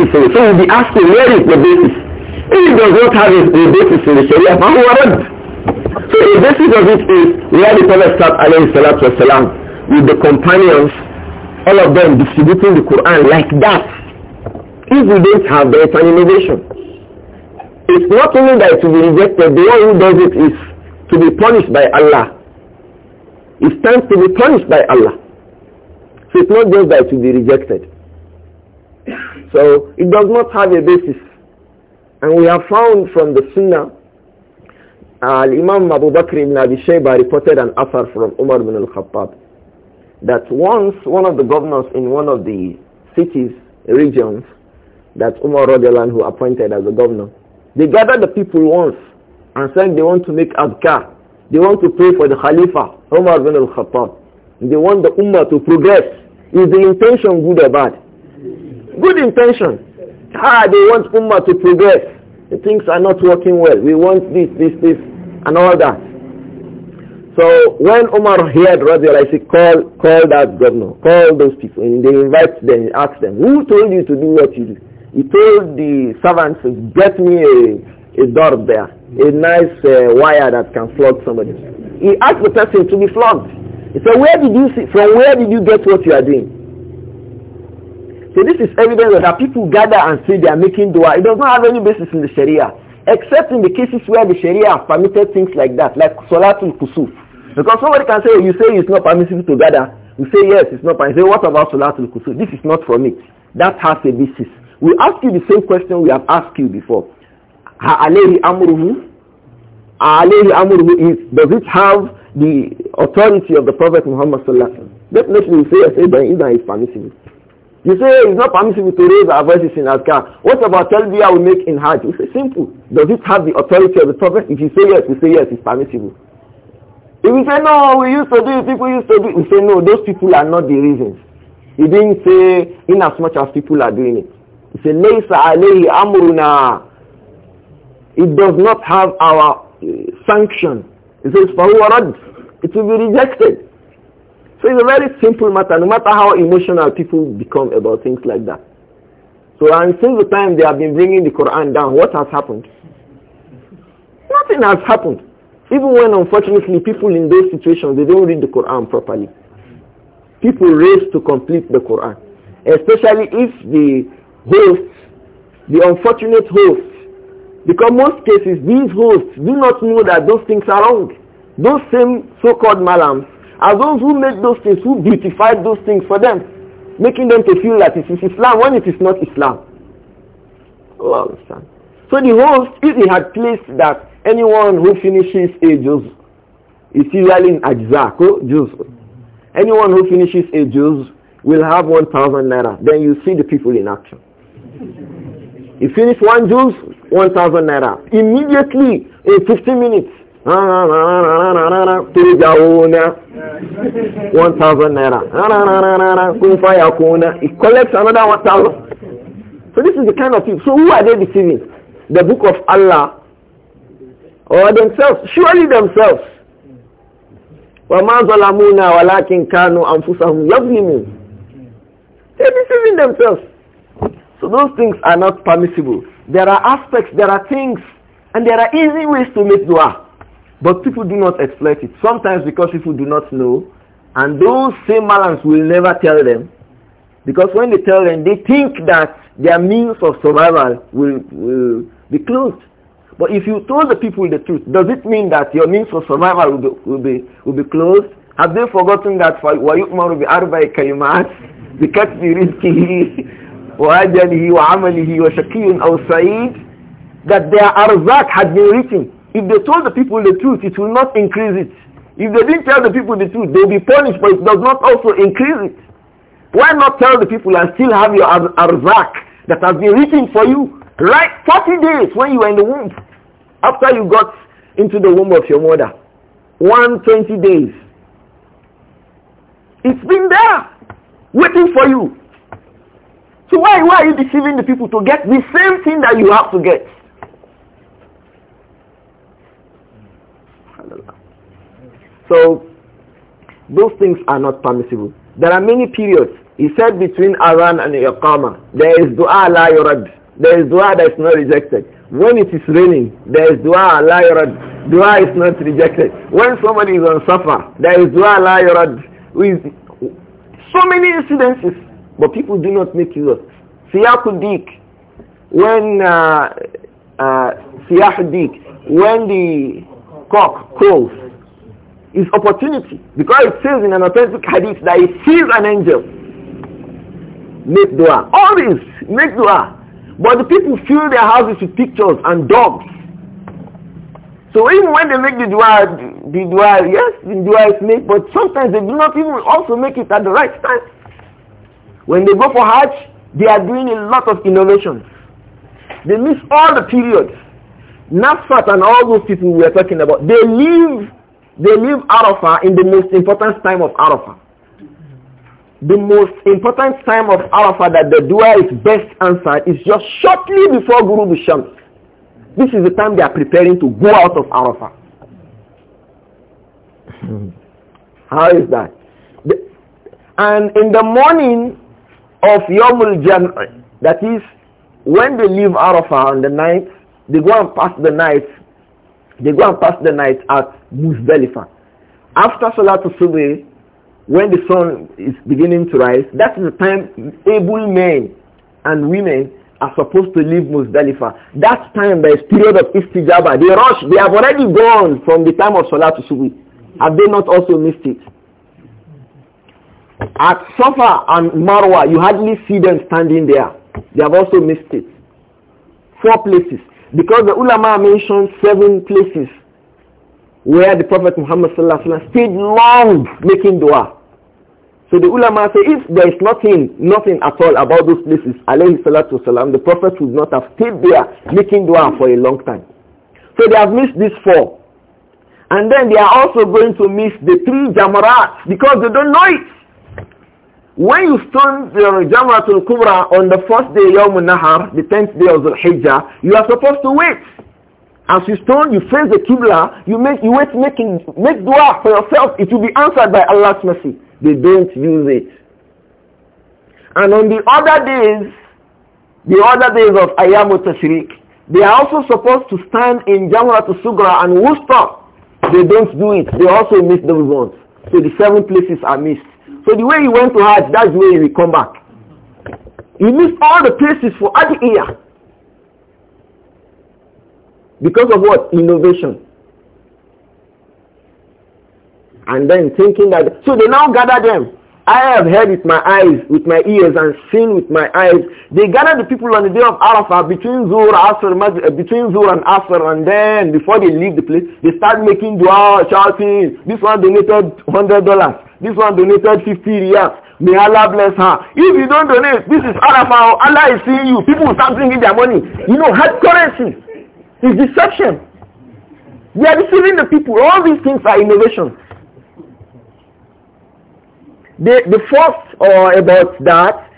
basis in it. So we'll be asking where is the basis. If it does not have a basis in the Sharia, how So the basis of it is where the Prophet wasalam, with the companions, all of them distributing the Quran like that. If we don't have the an innovation. It's not only that it will be rejected, the one who does it is to be punished by Allah. It stands to be punished by Allah. So it's not just that it be rejected. So it does not have a basis. And we have found from the Sunnah, uh, Imam Abu Bakr ibn Abi Shayba reported an affair from Umar ibn al-Khattab that once one of the governors in one of the cities, regions that Umar Radiallahu who appointed as a governor, they gathered the people once and said they want to make adhkar. They want to pray for the Khalifa, Umar ibn al-Khattab. They want the Ummah to progress. Is the intention good or bad? Good intention. Ah, they want Ummah to progress. The things are not working well. We want this, this, this, and all that. So when Umar heard Radiallahu he call, call that governor, call those people, and they invite them, ask them, who told you to do what you do? He told the servants, get me a, a door there, a nice uh, wire that can flog somebody. He asked the person to be flogged. He said, where did you see, from where did you get what you are doing? So this is evidence that people gather and say they are making dua. It does not have any basis in the Sharia, except in the cases where the Sharia has permitted things like that, like Salatul Kusuf. Because somebody can say, you say it's not permissible to gather. We say, yes, it's not permissible. What about Salatul Kusuf? This is not from it. That has a basis. We ask you the same question we have asked you before. Ha'alehi amruhu? Ha'alehi amruhu is, does it have the authority of the Prophet Muhammad sallallahu alaihi wasallam? Definitely we say, yes, Ibrahim is permissible. You say it's not permissible to raise our voices in Azkar. What about how we make in Hajj? We say simple. Does it have the authority of the Prophet? If you say yes, we say yes, it's permissible. If we say no, we used to do it, people used to do it, we say no, those people are not the reasons. He didn't say in as much as people are doing it. He said, Laysa alayhi amruna. It does not have our uh, sanction. He says, for رَدْ It will be rejected. So it's a very simple matter, no matter how emotional people become about things like that. So and since the time they have been bringing the Quran down, what has happened? Nothing has happened. Even when unfortunately people in those situations, they don't read the Quran properly. People race to complete the Quran. Especially if the hosts, the unfortunate hosts, because most cases these hosts do not know that those things are wrong. Those same so-called malams, are those who make those things, who beautify those things for them, making them to feel that it is Islam when it is not Islam. Allah understand. So the host, if he had placed that anyone who finishes a juz is usually in ajzako, juz. Anyone who finishes a juz will have 1,000 naira. Then you see the people in action. He finished one juz, 1,000 naira. Immediately, in 15 minutes, Tijawuna. 1,000 naira. collects another 1,000. So this is the kind of people. So who are they deceiving? The book of Allah or themselves? Surely themselves. وما ظَلَمُونَ وَلَكِنْ كَانُوا أَنفُسَهُمْ يَظْلِمُونَ They're deceiving themselves. So those things are not permissible. There are aspects, there are things, and there are easy ways to make dua. But people do not exploit it. Sometimes because people do not know, and those same malams will never tell them. Because when they tell them, they think that their means of survival will, will be closed. But if you told the people the truth, does it mean that your means of survival will be, will be, will be closed? Have they forgotten that for وَيُؤْمَرُ بِأَرْبَعِ كَلِمَاتٍ بِكَتْبِ رِزْكِهِ وَأَجَلِهِ وَعَمَلِهِ وَشَقِيٌّ أَوْ Sa'id, That their arzak had been written. If they told the people the truth, it will not increase it. If they didn't tell the people the truth, they'll be punished, but it does not also increase it. Why not tell the people and still have your arzak that has been written for you right 40 days when you were in the womb, after you got into the womb of your mother? 120 days. It's been there, waiting for you. So why, why are you deceiving the people to get the same thing that you have to get? So those things are not permissible. There are many periods. He said between Aran and Iqama, there is dua la yurad. There is dua that is not rejected. When it is raining, there is dua la yurad. Dua is not rejected. When somebody is on suffer, there is dua la yurad. With so many incidences, but people do not make use of Siyakudik, when uh, uh, when the cock crows, is opportunity because it says in an authentic hadith that he sees an angel make dua all this make dua but the people fill their houses with pictures and dogs so even when they make the dua the dua yes the dua is made but sometimes they do not even also make it at the right time when they go for hajj they are doing a lot of innovations they miss all the periods Nafat and all those people we are talking about they leave they leave Arafah in the most important time of Arafah. The most important time of Arafah that the dua is best answered is just shortly before Guru Bishams. This is the time they are preparing to go out of Arafah. How is that? The, and in the morning of Yomul Jan, that is, when they leave Arafah on the night, they go and pass the night they go and pass the night at Muzdalifah. After Salatul Subh, when the sun is beginning to rise, that is the time able men and women are supposed to leave Muzdalifah. That time there is period of istijaba. They rush. They have already gone from the time of Salatul Subh. Have they not also missed it? At Safa and Marwa, you hardly see them standing there. They have also missed it. Four places. Because the ulama mentioned seven places where the Prophet Muhammad stayed long making dua. So the ulama say if there is nothing, nothing at all about those places, alayhi salatu wasalam, the Prophet would not have stayed there making dua for a long time. So they have missed these four. And then they are also going to miss the three jamarat because they don't know it. When you stone the Jamratul Kubra on the first day, Yawm Nahar, the tenth day of the Hijjah, you are supposed to wait. As you stone, you face the Qibla, you, make, you wait making, make dua for yourself. It will be answered by Allah's mercy. They don't use it. And on the other days, the other days of Ayamu Tashriq, they are also supposed to stand in Jamratul Sugra and Wusta. They don't do it. They also miss those ones. So the seven places are missed. So the way he went to Hajj, that's the way he will come back. He missed all the places for Adiyah. Because of what? Innovation. And then thinking that, so they now gather them. I have heard with my eyes, with my ears, and seen with my eyes. They gather the people on the day of Arafah between Zuhr, Asr, uh, between Zuhr and Asr, and then before they leave the place, they start making dua, shouting, this one donated $100. This one donated 50 riyals. May Allah bless her. If you don't donate, this is Arafah. Allah is seeing you. People will start bringing their money. You know, hard currency is deception. They are deceiving the people. All these things are innovation. The, the first or uh, about that,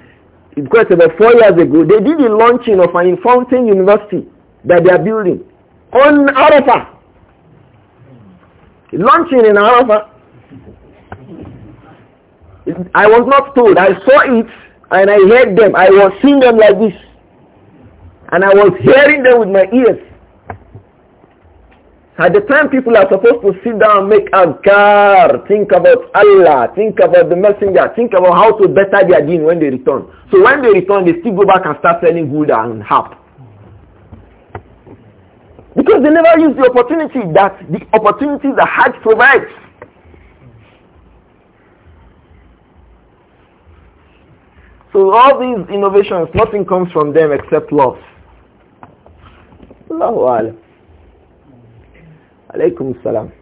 because about four years ago, they did the launching of an fountain university that they are building on Arafah. Launching in Arafah. I was not told. I saw it and I heard them. I was seeing them like this. And I was hearing them with my ears. At the time people are supposed to sit down, make adhkar, think about Allah, think about the messenger, think about how to better their deen when they return. So when they return, they still go back and start selling good and harp. Because they never use the opportunity that the opportunity the Hajj provides. So all these innovations, nothing comes from them except love. Allahu Alam. Alaykum Salam.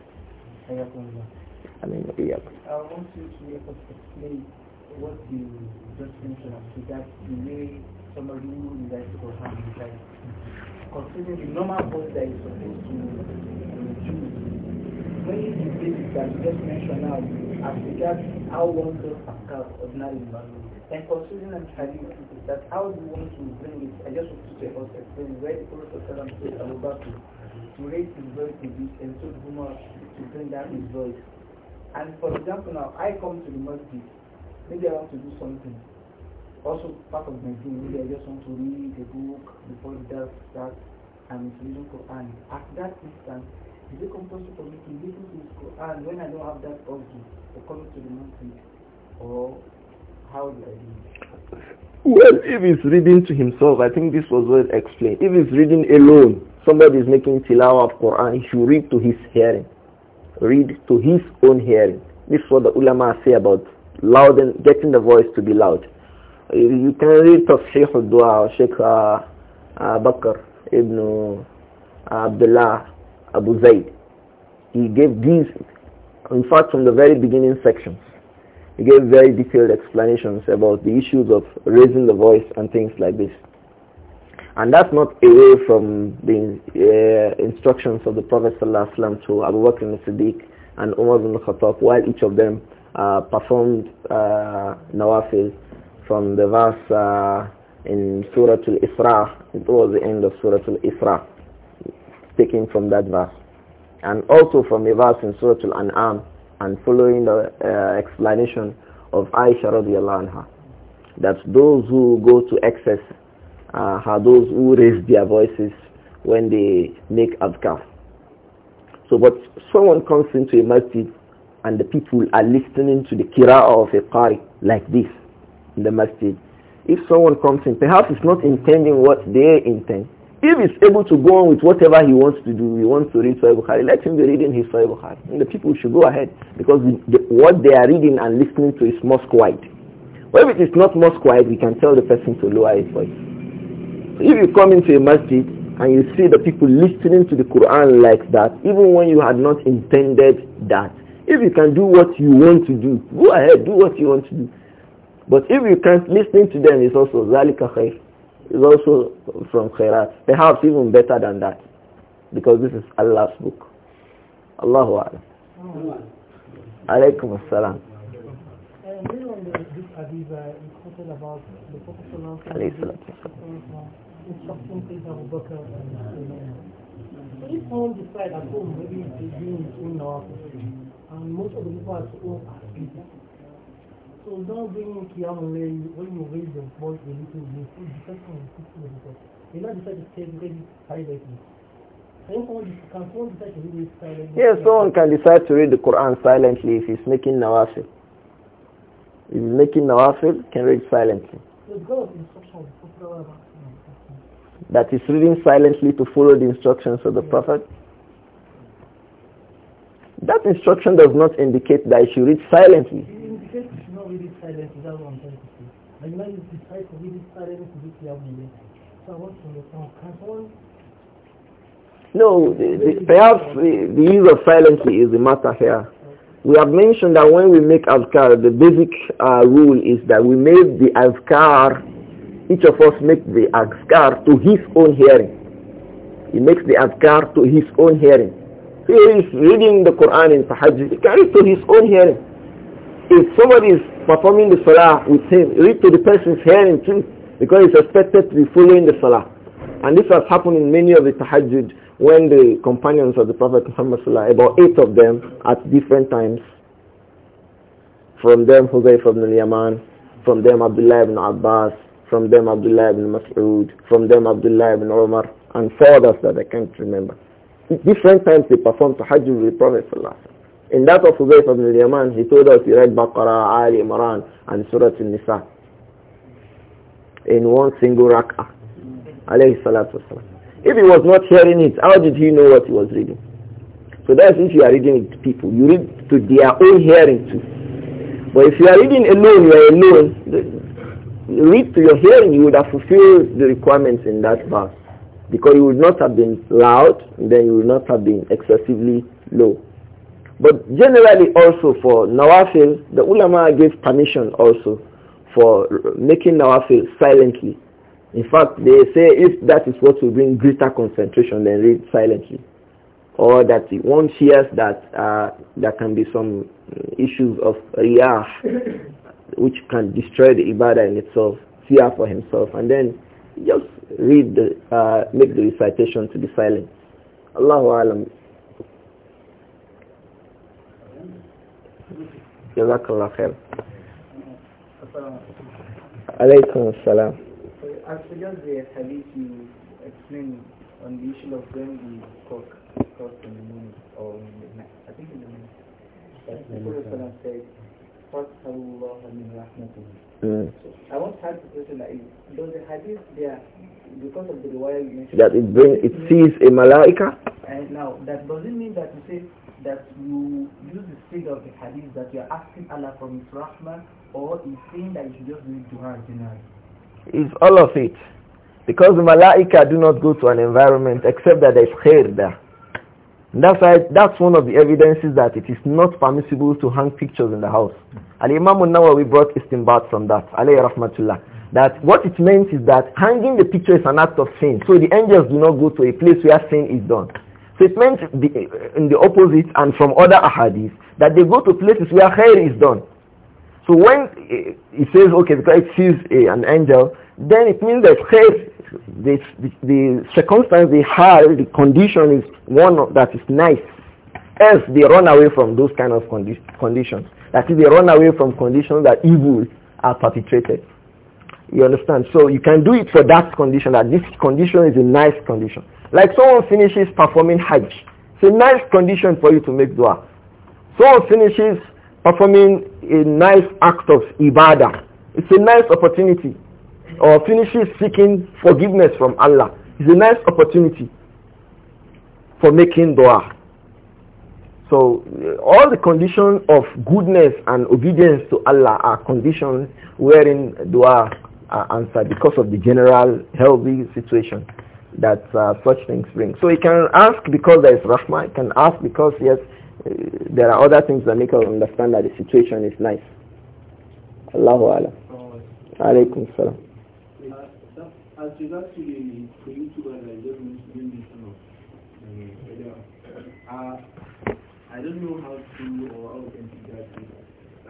I mean, yeah. I want you to explain what you just mentioned the normal supposed to that you just mentioned now, as regards how one goes about ordinary and considering I'm hadith that how do you want to bring it, I just want to say about explain where the Prophet said Abu Bakr to raise his voice in this and told Umar to bring down his voice. And for example now, I come to the masjid, maybe I want to do something. Also part of my thing, maybe I just want to read a book before the dark starts and it's reading Quran. At that instant, is it compulsory for me to listen to this Quran when I don't have that urge for coming to the masjid or how Well, if he's reading to himself, I think this was well explained. If he's reading alone, somebody is making tilawah of Quran, he should read to his hearing. Read to his own hearing. This is what the ulama say about loud and getting the voice to be loud. You can read Tafsheikh al-Dua or Sheikh uh, uh, Bakr ibn uh, Abdullah Abu Zaid. He gave these, in fact, from the very beginning sections. He gave very detailed explanations about the issues of raising the voice and things like this. And that's not away from the uh, instructions of the Prophet ﷺ to Abu Bakr al-Siddiq and Umar ibn Khattab while each of them uh, performed uh, nawafil from the verse uh, in Surah Al-Isra. It was the end of Surah Al-Isra, taken from that verse. And also from a verse in Surah Al-An'am and following the uh, explanation of Aisha radiallahu anha that those who go to excess uh, are those who raise their voices when they make adhkar. So but someone comes into a masjid and the people are listening to the kira'ah of a qari like this in the masjid. If someone comes in, perhaps it's not intending what they intend, if he's able to go on with whatever he wants to do, he wants to read Sahih Bukhari, let him be reading his Sahih Bukhari. And the people should go ahead because the, the, what they are reading and listening to is mosque-wide. Well, if it is not mosque-wide, we can tell the person to lower his voice. So if you come into a masjid and you see the people listening to the Quran like that, even when you had not intended that, if you can do what you want to do, go ahead, do what you want to do. But if you can't, listen to them it's also ذَلِكَ is also from khairat. Perhaps even better than that. Because this is Allah's book. Allahu Akbar. Alaykum assalam. at home, maybe and most of the people at home so don't bring in Qiyam when you raise your voice a little bit, it depends the system of You not decide to stay because it's Yes, someone can decide to read the Quran silently if he's making nawafil. If he's making nawafil, can read silently. That is reading silently to follow the instructions of the yeah. Prophet. That instruction does not indicate that he should read silently. الاعتذار is decided to be decided to be So I want to can someone no, the, the, perhaps the, the, use of silence is the matter here. We have mentioned that when we make azkar, the basic uh, rule is that we make the azkar, each of us make the azkar to his own hearing. He makes the azkar to his own hearing. he is reading the Quran in Tahajjud, he carries to his own hearing if somebody is performing the salah with him, read to the person's hearing too, because he's expected to be following the salah. And this has happened in many of the tahajjud when the companions of the Prophet Muhammad about eight of them at different times, from them Huzayf ibn al-Yaman, from them Abdullah ibn Abbas, from them Abdullah ibn Mas'ud, from them Abdullah ibn Umar, and four others that I can't remember. different times they performed tahajjud with the Prophet Sallallahu in that of Hudayf ibn al-Yaman, he told us he read Baqarah, Ali Imran, and Surah Al-Nisa in one single rak'ah. Alayhi salatu wasalam. If he was not hearing it, how did he know what he was reading? So that's if you are reading it to people. You read to their own hearing too. But if you are reading alone, you are alone. You read to your hearing, you would have fulfilled the requirements in that verse. Because you would not have been loud, then you would not have been excessively low. But generally also for nawafil, the ulama gave permission also for making nawafil silently. In fact, they say if that is what will bring greater concentration, then read silently. Or that one hears that uh, there can be some issues of riyah, which can destroy the ibadah in itself, fear for himself, and then just read the, uh, make the recitation to be silent. Allahu Alam, Jazakallah khair. Alaykum as on the issue of when in the or in the night, I think in the night, the Prophet hmm. I the question that is, does the hadith there because of the riwayah you mentioned. That it brings, it sees a malaika? And now, that doesn't mean that you say that you use the state of the hadith that you're asking Allah for His rahmah or is saying that you should just do it duha generally. It's all of it. Because the malaika do not go to an environment except that there is khair there. that's why that's one of the evidences that it is not permissible to hang pictures in the house. Mm Imam Al we Nawawi brought istinbat from that. Alayhi rahmatullah that what it means is that hanging the picture is an act of sin. So the angels do not go to a place where sin is done. So it meant the, in the opposite and from other ahadith that they go to places where khair is done. So when eh, it says, okay, because it sees a, eh, an angel, then it means that khair, the, the, the circumstance they the condition is one that is nice. Else they run away from those kind of condi conditions. That is, they run away from conditions that evil are perpetrated. You understand? So you can do it for that condition, that this condition is a nice condition. Like someone finishes performing Hajj. It's a nice condition for you to make dua. Someone finishes performing a nice act of ibadah. It's a nice opportunity. Or finishes seeking forgiveness from Allah. It's a nice opportunity for making dua. So uh, all the conditions of goodness and obedience to Allah are conditions wherein dua are answered because of the general healthy situation that uh, such things bring. So he can ask because there is rahmah, he can ask because yes, uh, there are other things that make us understand that the situation is nice. Allahu Alam. Salaam. As regards to the YouTuber that I just mentioned, uh, uh, I don't know how to or how to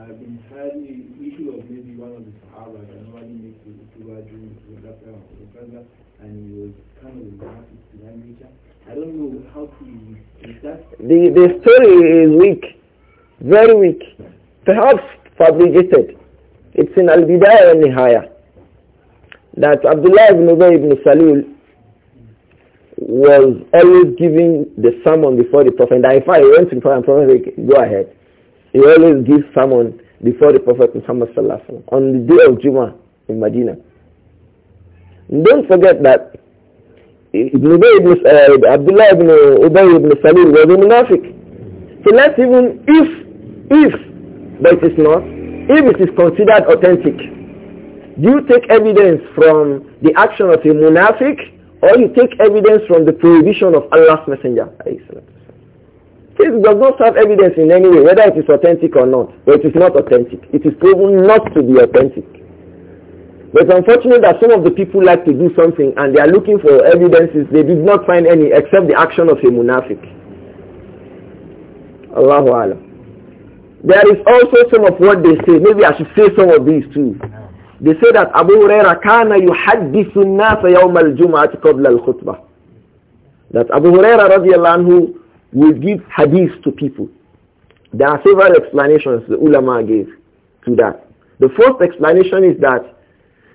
I've been the issue of maybe one of the Sahaba that nobody makes the during the and he was kind of graphic to that nature. I don't know how to is that the the story is weak, very weak, perhaps fabricated. It's in Al Bidayah and Nihaya that Abdullah ibn Ubay ibn Salul was always giving the sermon before the Prophet. And in fact, he went to the Prophet and said, go ahead. He always gives sermon before the Prophet Muhammad sallallahu on the day of Juma in Medina. Don't forget that Ibn Ubay ibn, uh, Abdullah ibn Ubay ibn Salul was a munafiq. So let's even if, if, but it is not, if it is considered authentic, do you take evidence from the action of a munafiq or you take evidence from the prohibition of Allah's Messenger? This does not have evidence in any way, whether it is authentic or not. But it is not authentic. It is proven not to be authentic. But it's unfortunate that some of the people like to do something and they are looking for evidences. They did not find any except the action of a munafiq. Allahu Alam. There is also some of what they say. Maybe I should say some of these too. They say that Abu Huraira kana yuhaddithu an-nas yawm al-jum'ah qabla al-khutbah. That Abu Huraira radiyallahu anhu will give hadith to people. There are several explanations the ulama gave to that. The first explanation is that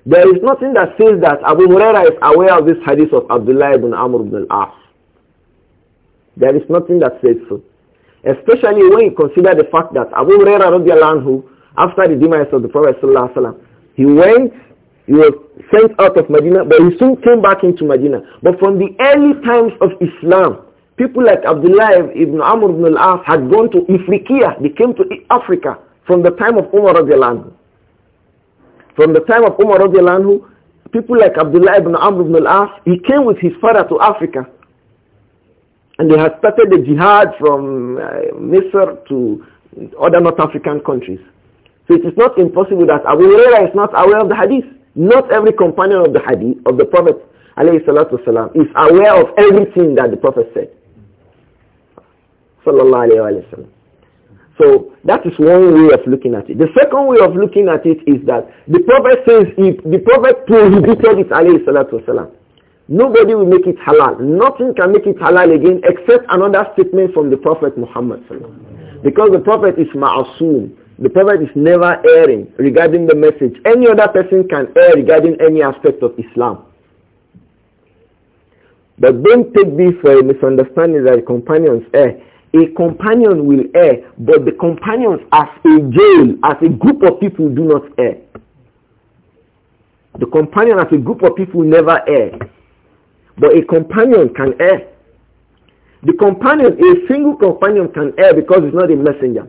there is nothing that says that Abu Huraira is aware of this hadith of Abdullah ibn Amr ibn al-As. There is nothing that says so. Especially when you consider the fact that Abu Huraira anhu, after the demise of the Prophet sallam, he went, he was sent out of Medina, but he soon came back into Medina. But from the early times of Islam, People like Abdullah ibn Amr ibn al-As had gone to Ifriqiya. They came to Africa from the time of Umar radiallahu From the time of Umar radiallahu, people like Abdullah ibn Amr ibn al-As, he came with his father to Africa. And they had started the jihad from uh, Misr to other North African countries. So it is not impossible that Abu Huraira is not aware of the hadith. Not every companion of the hadith, of the Prophet, alayhi salatu is aware of everything that the Prophet said sallallahu alayhi wa sallam. So that is one way of looking at it. The second way of looking at it is that the Prophet says if the Prophet prohibited it alayhi salatu wasalam. Nobody will make it halal. Nothing can make it halal again except another statement from the Prophet Muhammad Because the Prophet is ma'asum. The Prophet is never erring regarding the message. Any other person can err regarding any aspect of Islam. But don't take this for a misunderstanding that companions err a companion will err, but the companions as a jail, as a group of people do not err. The companion as a group of people never err. But a companion can err. The companion, a single companion can err because it's not a messenger.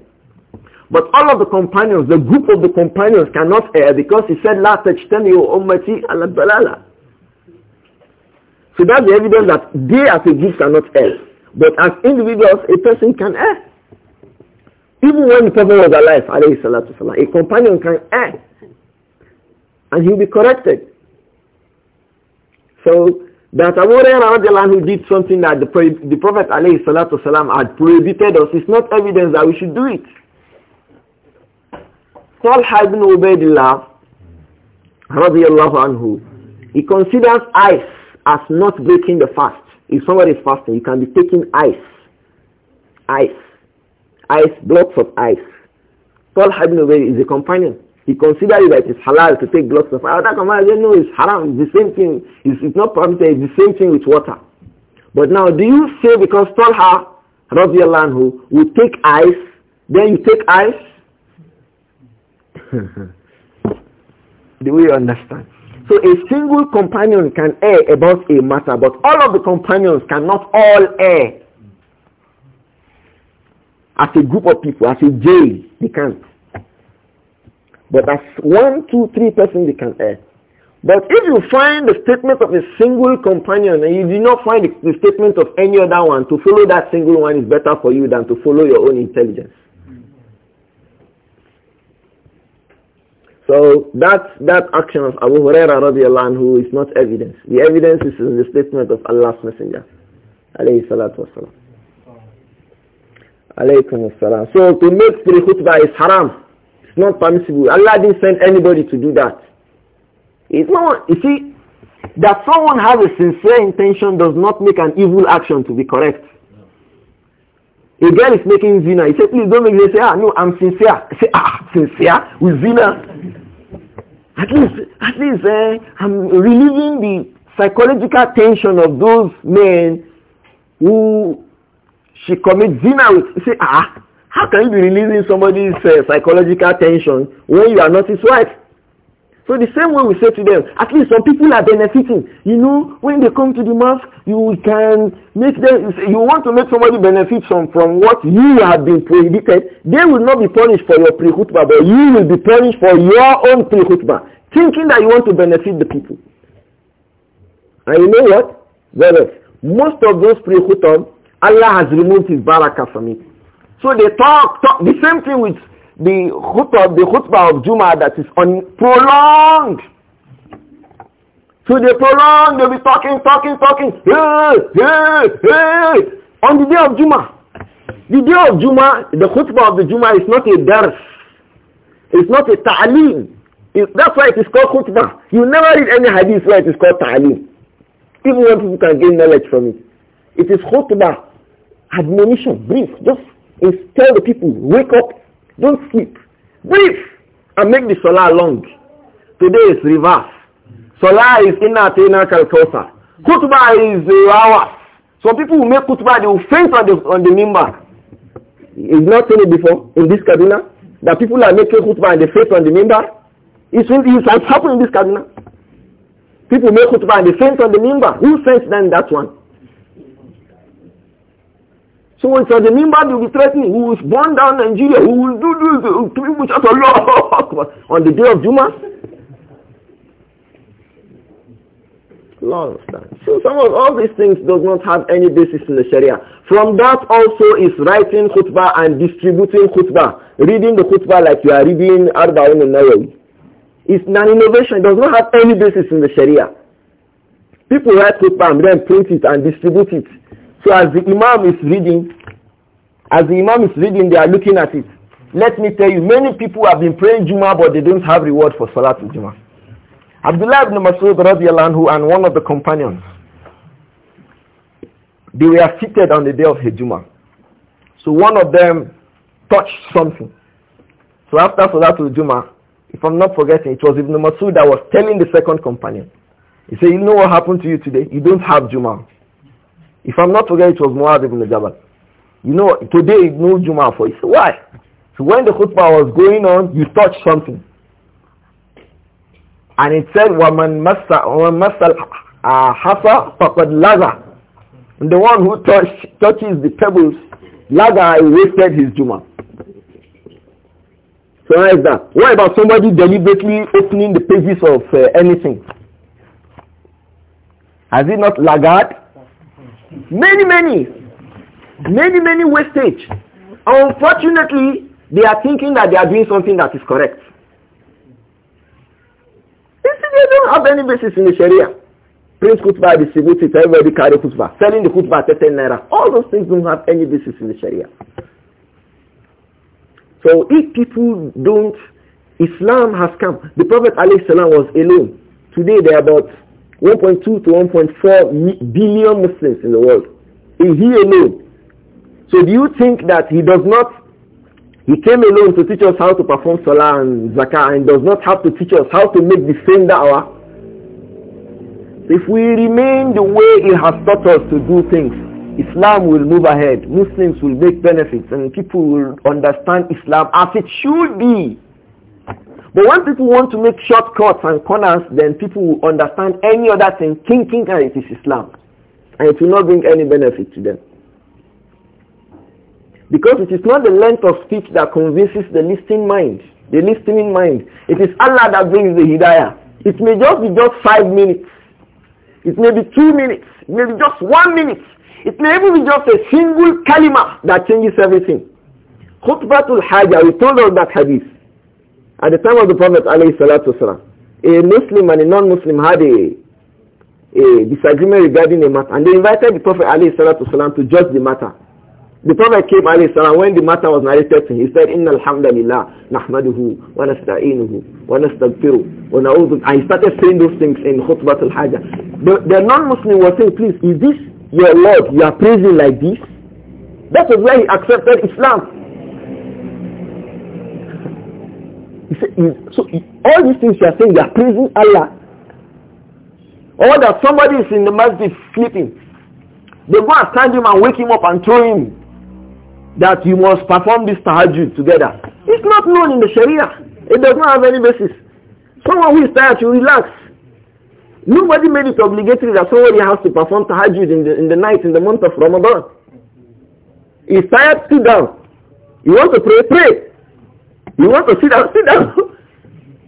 But all of the companions, the group of the companions cannot err because he said, La tajtaniu ummati ala balala. So that's the evidence that they as a group cannot err. But as individuals, a person can err. Eh? Even when the Prophet was alive, a companion can err. Eh? And he'll be corrected. So, that Abu Hurairah who did something that the, the Prophet alayhi salatu salam had prohibited us is not evidence that we should do it. Talha ibn Ubaidillah radiallahu anhu, he considers ice as not breaking the fast. If somebody is fasting, you can be taking ice. Ice. Ice, blocks of ice. Talha ibn way; is a companion. He considered that it's halal to take blocks of ice. Other companions said, no, it's haram. It's the same thing. It's, it's not permitted. It's the same thing with water. But now, do you say because Talha, radiallahu anhu, will take ice, then you take ice? do we understand? So a single companion can err about a matter, but all of the companions cannot all err. As a group of people, as a jail, they can't. But as one, two, three person, they can err. But if you find the statement of a single companion and you do not find the, the statement of any other one, to follow that single one is better for you than to follow your own intelligence. So that, that action of Abu Huraira radiallahu anhu is not evidence. The evidence is in the statement of Allah's Messenger. Alayhi salatu wasalam. Alaykum assalam. So to make three khutbah is haram. It's not permissible. Allah didn't send anybody to do that. It's not, you see, that someone has a sincere intention does not make an evil action to be correct. A girl is making zina. He said, please don't make me say, ah, no, I'm sincere. I say, ah, sincere with zina. At least, at least eh, I'm relieving the psychological tension of those men who she commits zina with. You say, ah, how can you be relieving somebody's uh, psychological tension when you are not his wife? So the same way we say to them, at least some people are benefiting. You know, when they come to the mosque, you can make them, you want to make somebody benefit from, from what you have been prohibited. They will not be punished for your pre but you will be punished for your own pre thinking that you want to benefit the people. And you know what? Brothers, most of those pre Allah has removed his barakah from it. So they talk, talk, the same thing with the khutbah, the khutbah of Juma that is on prolonged. So they prolong, they'll be talking, talking, talking. Hey, hey, hey. On the day of Juma, The day of Juma, the khutbah of the Juma is not a dars. It's not a ta'aleem. that's why it is called khutbah. You never read any hadith where it is called ta'aleem. Even when people can gain knowledge from it. It is khutbah, admonition, brief. Just tell the people, wake up don't sleep. Brief and make the solar long. Today is reverse. Solar is inna atina kal kawthar. Khutbah is hours. Some people who make kutuba they will faint on the, on the mimbar. It's not seen it before in this Kaduna. That people are making kutuba and they faint on the mimbar. It's, it's, it's happened in this Kaduna. People make kutuba and they faint on the mimbar. Who sent then that one? So when the member will be threatening, who is born burn down Nigeria, who will do this, who will shout Allah on the day of Juma? Lord understand. So some of all these things does not have any basis in the Sharia. From that also is writing khutbah and distributing khutbah. Reading the khutbah like you are reading Arba'un al-Nawawi. It's an innovation. It does not have any basis in the Sharia. People write khutbah and then print it and distribute it. So as the Imam is reading, as the Imam is reading, they are looking at it. Let me tell you, many people have been praying Juma, but they don't have reward for Salat Juma. Abdullah ibn Masud anhu and one of the companions, they were seated on the day of Hijuma. So one of them touched something. So after Salatul Juma, if I'm not forgetting, it was Ibn Masud that was telling the second companion. He said, you know what happened to you today? You don't have Juma. If I'm not forgetting, it was Muad ibn Jabal. You know, today no Juma for you. So why? So when the khutbah was going on, you touched something. And it said, وَمَنْ مَسَّ الْحَفَى فَقَدْ لَغَى And the one who touched touches the pebbles, laga, wasted his Juma. So how is that? What about somebody deliberately opening the pages of uh, anything? Has it not lagged? Many, many, many, many wastage. Unfortunately, they are thinking that they are doing something that is correct. You see, they don't have any basis in the Sharia. Prince Kutba distributes it, everybody carry Kutba. Selling the Kutba at 10 naira. All those things don't have any basis in the Sharia. So if people don't, Islam has come. The Prophet Salam was alone. Today there are about 1.2 to 1.4 billion Muslims in the world. Is he alone? So do you think that he does not, he came alone to teach us how to perform salah and zakah and does not have to teach us how to make the same da'wah? If we remain the way he has taught us to do things, Islam will move ahead. Muslims will make benefits and people will understand Islam as it should be. But when people want to make shortcuts and corners, then people will understand any other thing thinking that it is Islam. And it will not bring any benefit to them. Because it is not the length of speech that convinces the listening mind, the listening mind. It is Allah that brings the hidayah. It may just be just five minutes. It may be two minutes. It may be just one minute. It may even be just a single kalima that changes everything. Khutbatul Hajjah, we told us that hadith. At the time of the Prophet والسلام, a Muslim and a non-Muslim had a, a disagreement regarding a matter and they invited the Prophet والسلام, to judge the matter. The Prophet came والسلام, when the matter was narrated to him. He said, إِنَّ الْحَمْدَ لِلَّهِ نَحْمَدُهُ وَنَسْتَعِينُهُ وَنَسْتَغْفِرُهُ وَنَعُوذُ And he started saying those things in Khutbah al-Hajjah. The, the non-Muslim was saying, please, is this your Lord you are praising like this? That is why where he accepted Islam. He said, so all these things you are saying, you are praising Allah. Or that somebody is in the masjid sleeping. They go and stand him and wake him up and tell him that you must perform this tahajjud together. It's not known in the Sharia. It does not have any basis. Someone who is tired should relax. Nobody made it obligatory that somebody has to perform tahajjud in the, in the night in the month of Ramadan. He's tired, sit down. You want to pray, pray. You want to sit down, sit down.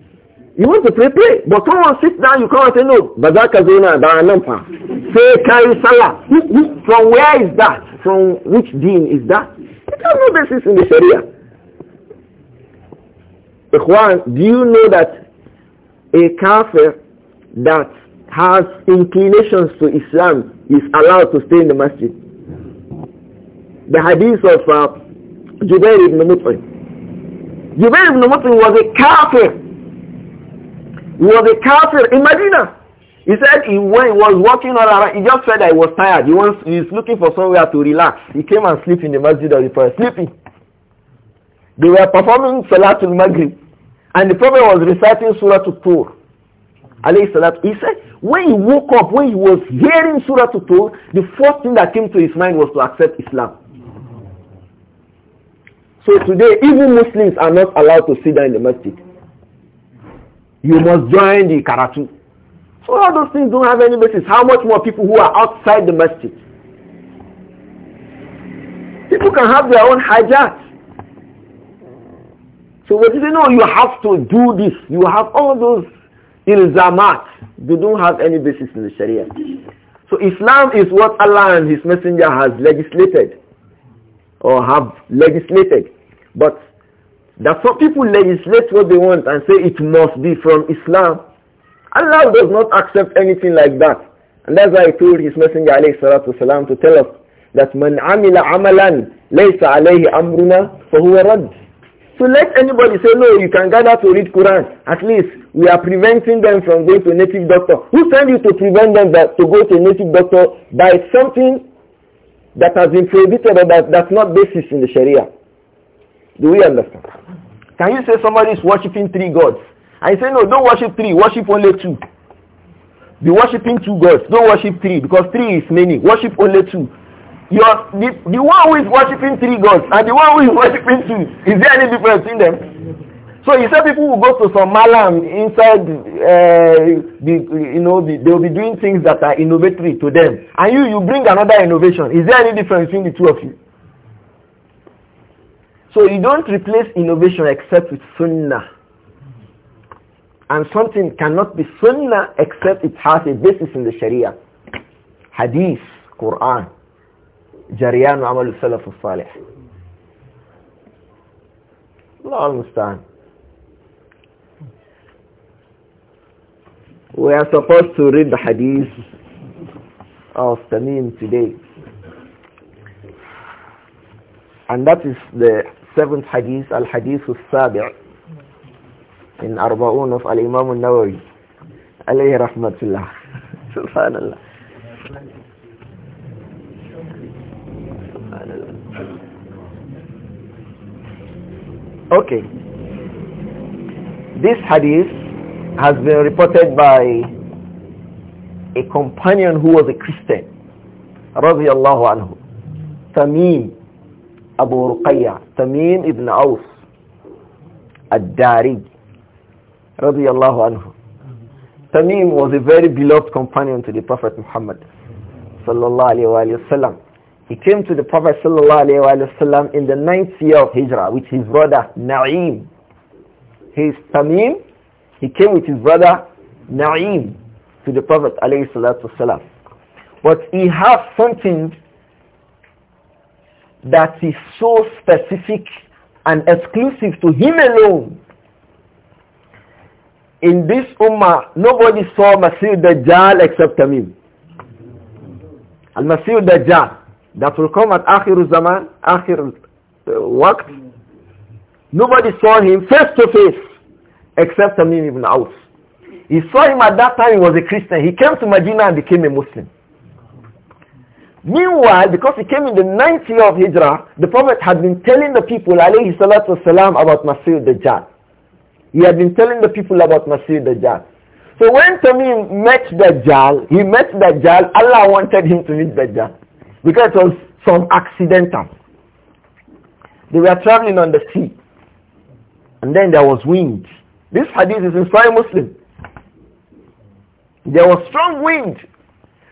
you want to pray, pray. But come on, sit down. You can't say no. Bazakazona, Baranampa. Say carry salah. From where is that? From which deen is that? It has no basis in the Sharia. Ikhwan, do you know that a kafir that has inclinations to Islam is allowed to stay in the masjid? The hadith of uh, Jubair ibn Mut'im Jubair ibn Mut'im was a kafir. He was a kafir in Medina. He said he, he was walking all around, he just said that he was tired. He was looking for somewhere to relax. He came and slept in the masjid of the sleeping. They were performing Salatul Maghrib. And the Prophet was reciting Surah Tur. Alayhi Salat. He said, when he woke up, when he was hearing Surah Tur, the first thing that came to his mind was to accept Islam. So today, even Muslims are not allowed to sit down in the masjid. You must join the karatu. So all those things don't have any basis. How much more people who are outside the masjid? People can have their own hijat. So what do they know? You have to do this. You have all those ilzamat. They don't have any basis in the Sharia. So Islam is what Allah and His Messenger has legislated or have legislated. But that some people legislate what they want and say it must be from Islam. Allah does not accept anything like that. And that's why he told his messenger alayhi salatu salam to tell us that man amila amalan laysa alayhi amruna fahuwa rad. So let anybody say, no, you can gather to read Quran. At least we are preventing them from going to a native doctor. Who sent you to prevent them that, to go to a native doctor by something that has been prohibited or that, that's not basis in the Sharia? Do we understand? Can you say somebody is worshipping three gods? I say, no, don't worship three, worship only two. Be worshipping two gods, don't worship three, because three is many. Worship only two. Your, the, the one who is worshipping three gods and the one who is worshipping two, is there any difference in them? So you said people will go to some malam inside, uh, the, you know, the, they will be doing things that are innovatory to them. And you, you bring another innovation. Is there any difference between the two of you? So you don't replace innovation except with sunnah. And something cannot be sunnah except it has a basis in the sharia. Hadith, Quran, Jariyan Amal Salaf Salih. Allah understand. We are supposed to read the hadith of Tamim today. And that is the seventh hadith, al-hadith al-sabi' in Arba'un of al-Imam al-Nawawi. Alayhi rahmatullah. Subhanallah. Okay. This hadith has been reported by a companion who was a Christian, radiallahu anhu, Tamim Abu Ruqayya, Tamim ibn Aus, Ad-Dari, الله عنه. Tamim was a very beloved companion to the Prophet Muhammad sallallahu alayhi wa He came to the Prophet sallallahu alayhi wa in the ninth year of Hijrah with his brother Na'im. His Tamim, he came with his brother Na'im to the Prophet alayhi salatu wasalam. But he had something that is so specific and exclusive to him alone. In this ummah, nobody saw Masih Dajjal except him. Al-Masih Dajjal, that will come at Akhir Zaman, Akhir uh, Waqt. Nobody saw him face to face except Tamim ibn Aus. He saw him at that time, he was a Christian. He came to Medina and became a Muslim. Meanwhile, because he came in the ninth year of Hijrah, the Prophet had been telling the people, alayhi salatu wasalam, about Masih Dajjal. He had been telling the people about Masih Dajjal. So when Tamim met Dajjal, he met Dajjal, Allah wanted him to meet Dajjal. Because it was some accidental. They were traveling on the sea. And then there was wind. This hadith is inspiring Muslim. There was strong wind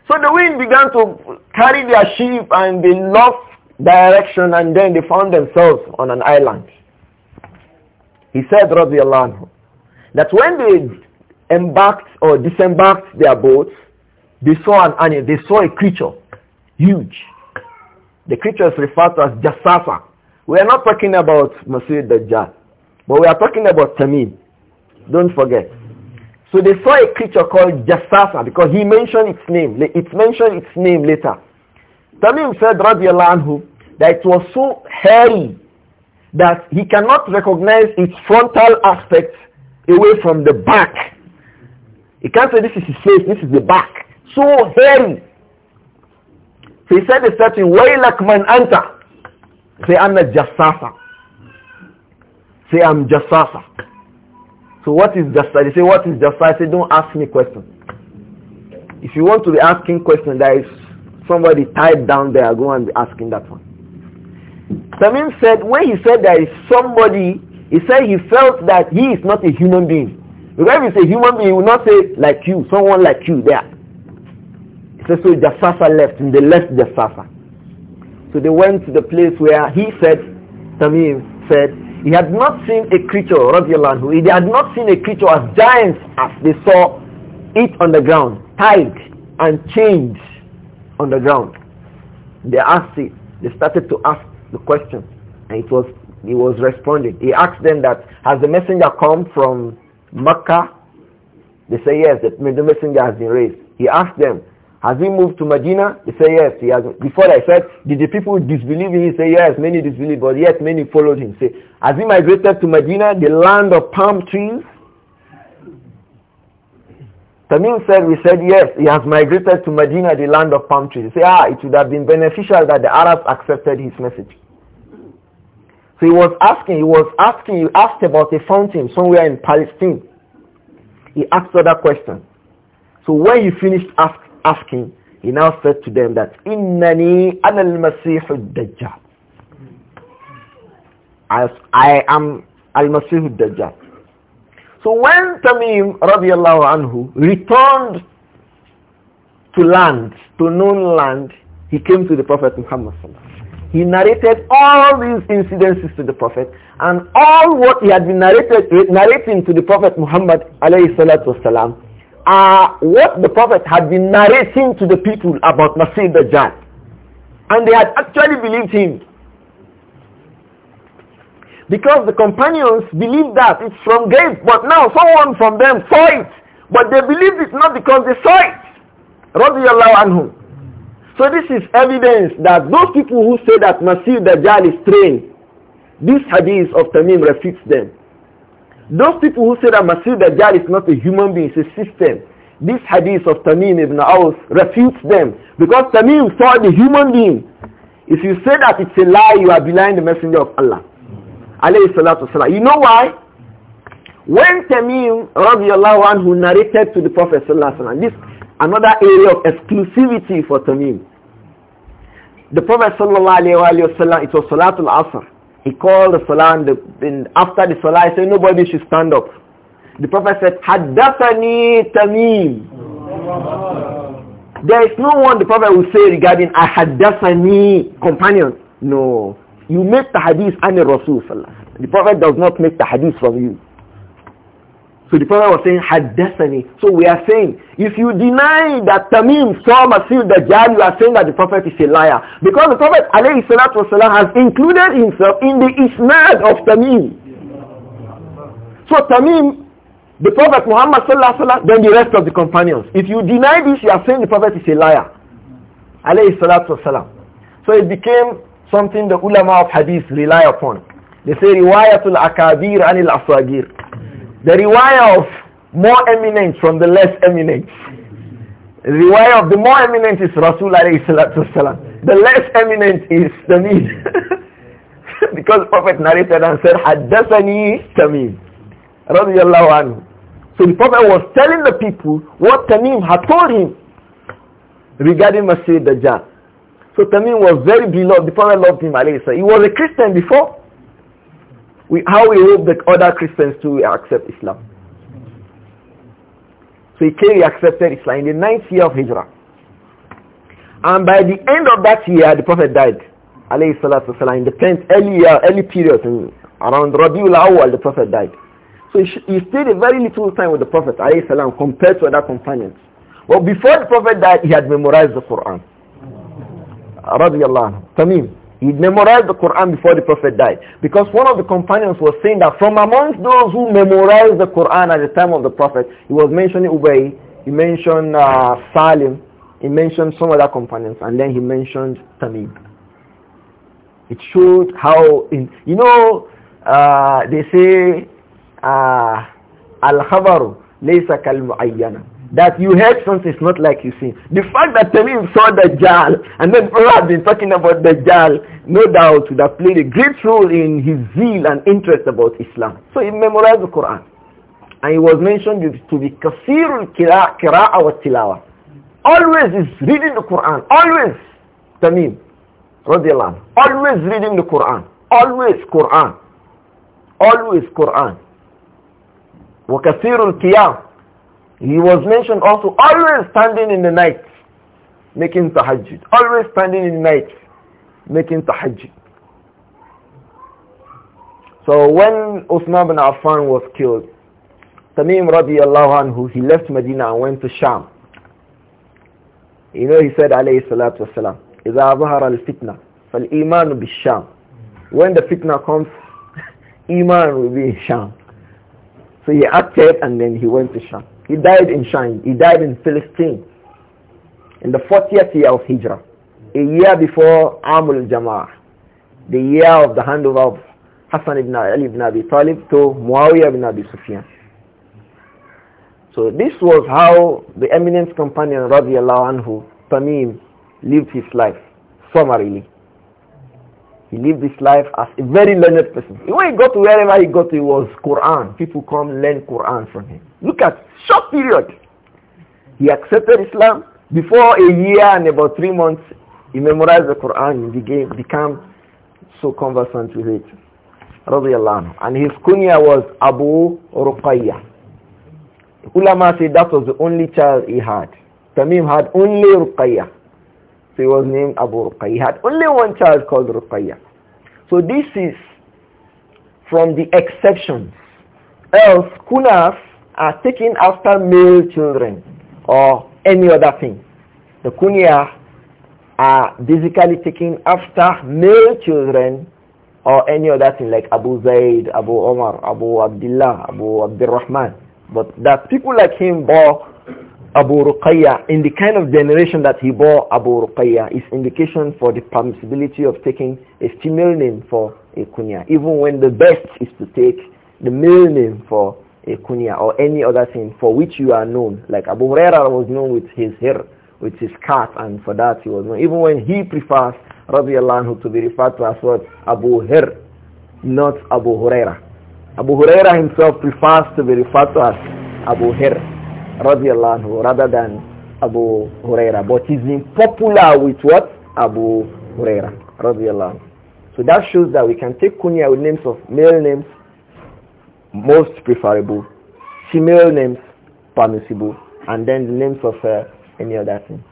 so the wind began to carry their sheep and they lost direction and then they found themselves on an island. He said, Radiallahu, that when they embarked or disembarked their boats, they saw an animal, they saw a creature, huge. The creature is referred to as Jasasa. We are not talking about Masih Dajjal, but we are talking about Tamim. Don't forget. So they saw a creature called Jassasa because he mentioned its name. It mentioned its name later. Tamim said, radiallahu that it was so hairy that he cannot recognize its frontal aspect away from the back. He can't say this is his face, this is the back. So hairy. So he said the certain way like man anta. Say I'm not Jassasa. Say I'm Jassasa. So what is just They say, what is just I say, don't ask me questions. If you want to be asking questions, there is somebody tied down there, go and be asking that one. Tamim said, when he said there is somebody, he said he felt that he is not a human being. Because if he's a human being, he will not say, like you, someone like you, there. He said, so Jasafa left, and they left Jasafa. So they went to the place where he said, Tamim said, he had not seen a creature, radiallahu anhu, he had not seen a creature as giant as they saw it on the ground, tied and chained on the ground. They asked it, they started to ask the question, and it was, he was responding. He asked them that, has the messenger come from Makkah? They say, yes, the messenger has been raised. He asked them, has he moved to Medina? He said, yes. He has. Before I said, did the people disbelieve him? He said, yes, many disbelieved, but yet many followed him. Say, has he migrated to Medina, the land of palm trees? Tamim said, we said, yes, he has migrated to Medina, the land of palm trees. He said, ah, it would have been beneficial that the Arabs accepted his message. So he was asking, he was asking, he asked about a fountain somewhere in Palestine. He asked other question. So when he finished asking, asking, he now said to them that, Innani anal masih dajjal As I am al-masih dajjal So when Tamim radiallahu anhu returned to land, to known land, he came to the Prophet Muhammad He narrated all these incidences to the Prophet and all what he had been narrated, narrating to the Prophet Muhammad alayhi salatu wasalam what the Prophet had been narrating to the people about Masih Dajjal. And they had actually believed him. Because the companions believed that it's from Gabe, but now someone from them saw it. But they believed it not because they saw it. Radiallahu anhu. So this is evidence that those people who say that Masih Dajjal is trained, this hadith of Tamim refutes them. Those people who say that Masih Dajjal is not a human being, it's a system. This hadith of Tamim ibn Aus refutes them because Tamim saw the human being. If you say that it's a lie, you are belying the messenger of Allah. Alayhi salatu salam. You know why? When Tamim radiallahu anhu narrated to the Prophet sallallahu alayhi this another area of exclusivity for Tamim. The Prophet sallallahu alayhi wa it was Salatul Asr. He called the Salah and, the, and after the Salah he said nobody should stand up. The Prophet said, Haddathani Tamim. There is no one the Prophet will say regarding a Haddathani companion. No. You make the hadith and the Rasul. The Prophet does not make the hadith from you. So the Prophet was saying, had destiny. So we are saying, if you deny that Tamim saw Masih Dajjal, you are saying that the Prophet is a liar. Because the Prophet alayhi salatu wasalam, has included himself in the isnad of Tamim. So Tamim, the Prophet Muhammad sallallahu alayhi wasalam, then the rest of the companions. If you deny this, you are saying the Prophet is a liar. Alayhi salatu So it became something the ulama of hadith rely upon. They say, riwayatul akabir anil asagir the rewire of more eminent from the less eminent. The riwayah of the more eminent is Rasul alayhi salatu wasalam. The less eminent is Tamim. because Prophet narrated and said, Haddasani Tamim. Radiallahu anhu. So the Prophet was telling the people what Tamim had told him regarding Masih Dajjal. So Tamim was very beloved. The Prophet loved him. He was a Christian before. We, how we hope that other Christians too accept Islam. So he clearly accepted Islam in the ninth year of Hijrah. And by the end of that year, the Prophet died. Alayhi salatu In the tenth early year, early period, in, around Rabiul Awal, the Prophet died. So he, he stayed a very little time with the Prophet, alayhi salam, compared to other companions. Well, before the Prophet died, he had memorized the Quran. Radiallahu anhu. Tamim. He memorized the Quran before the Prophet died. Because one of the companions was saying that from amongst those who memorized the Quran at the time of the Prophet, he was mentioning Ubay, he mentioned uh, Salim, he mentioned some other companions, and then he mentioned Tamib. It showed how, in, you know, uh, they say, uh, Al-Khabaru, Laysa Kal-Mu'ayyana that you heard something is not like you see. The fact that Tamim saw the jal, and then people have been talking about the jal, no doubt would have played a great role in his zeal and interest about Islam. So he memorized the Quran. And he was mentioned to be kafirul kira'a wa tilawa. Always is reading the Quran. Always. Tamim. Radiallahu. Always reading the Quran. Always Quran. Always Quran. وكثير القيام he was mentioned also always standing in the night making tahajjud. Always standing in the night making tahajjud. So when Uthman bin Affan was killed, Tamim radiallahu anhu, he left Medina and went to Sham. You know he said alayhi salatu wasalam, إِذَا ظَهَرَ الْفِتْنَةِ فَالْإِيمَانُ بِالشَّامِ When the fitna comes, Iman will be in Sham. So he acted and then he went to Sham. He died in Shine. He died in Philistine in the 40th year of Hijrah, a year before Amul Jama'ah, the year of the handover of Hassan ibn Ali ibn Abi Talib to Muawiyah ibn Abi Sufyan. So this was how the eminent companion radiallahu anhu, Tamim, lived his life summarily. He lived his life as a very learned person. When he got to wherever he got to, it was Quran. People come learn Quran from him. Look at short period. He accepted Islam. Before a year and about three months, he memorized the Quran and became, became so conversant with it. And his kunya was Abu Ruqayya. Ulama said that was the only child he had. Tamim had only Ruqayya. So he was named Abu Ruqayya. He had only one child called Ruqayya. So this is from the exceptions. Else, kunas are taken after male children or any other thing. The kunya are basically taken after male children or any other thing like Abu Zaid, Abu Omar, Abu Abdullah, Abu Abdurrahman. But that people like him bore Abu Ruqayya in the kind of generation that he bore Abu Ruqayya is indication for the permissibility of taking a female name for a kunya, even when the best is to take the male name for a kunya or any other thing for which you are known. Like Abu Huraira was known with his hair, with his cut, and for that he was known. Even when he prefers radiallahu anhu to be referred to as what? Abu Hir, not Abu Huraira. Abu Huraira himself prefers to be referred to as Abu Hir, radiallahu anhu, rather than Abu Huraira. But he's been popular with what? Abu Huraira, radiallahu anhu. So that shows that we can take kunya with names of male names most preferable, female names permissible, and then the names of uh, any other thing.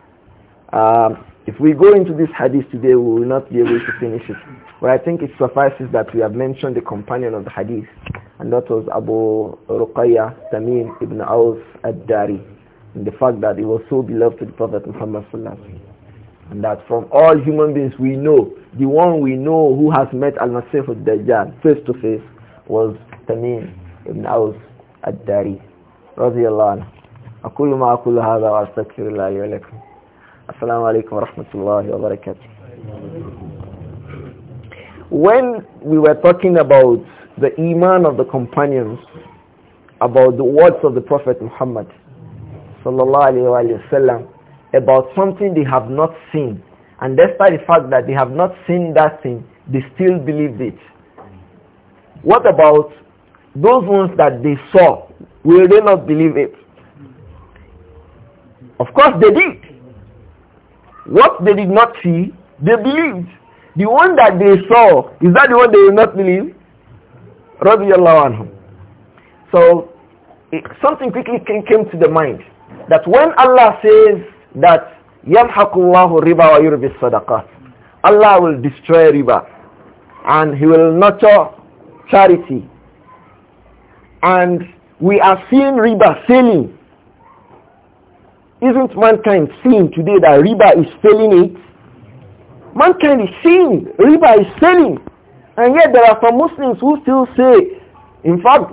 Um, if we go into this hadith today, we will not be able to finish it. But I think it suffices that we have mentioned the companion of the hadith, and that was Abu Ruqayya Tamim ibn Aus ad-Dari, and the fact that he was so beloved to the Prophet Muhammad sallallahu and that from all human beings we know, the one we know who has met Al-Masih al-Dajjal face to face was الداري رضي الله عنه أقول ما أقول هذا الله لي ولكم السلام عليكم ورحمة الله وبركاته When we were talking about the iman of the companions, about the words of the Prophet Muhammad sallallahu alayhi wasallam, about something they have not seen, and despite the fact that they have not seen that thing, they still believed it. What about those ones that they saw, will they not believe it? Of course they did. What they did not see, they believed. The one that they saw, is that the one they will not believe? So, it, something quickly came to the mind. That when Allah says that, يَمْحَقُ اللَّهُ الرِّبَى وَيُرْبِ الصَّدَقَاتِ Allah will destroy riba and he will nurture charity and we are seeing riba failing. Isn't mankind seeing today that riba is failing it? Mankind is seeing riba is failing. And yet there are some Muslims who still say, in fact,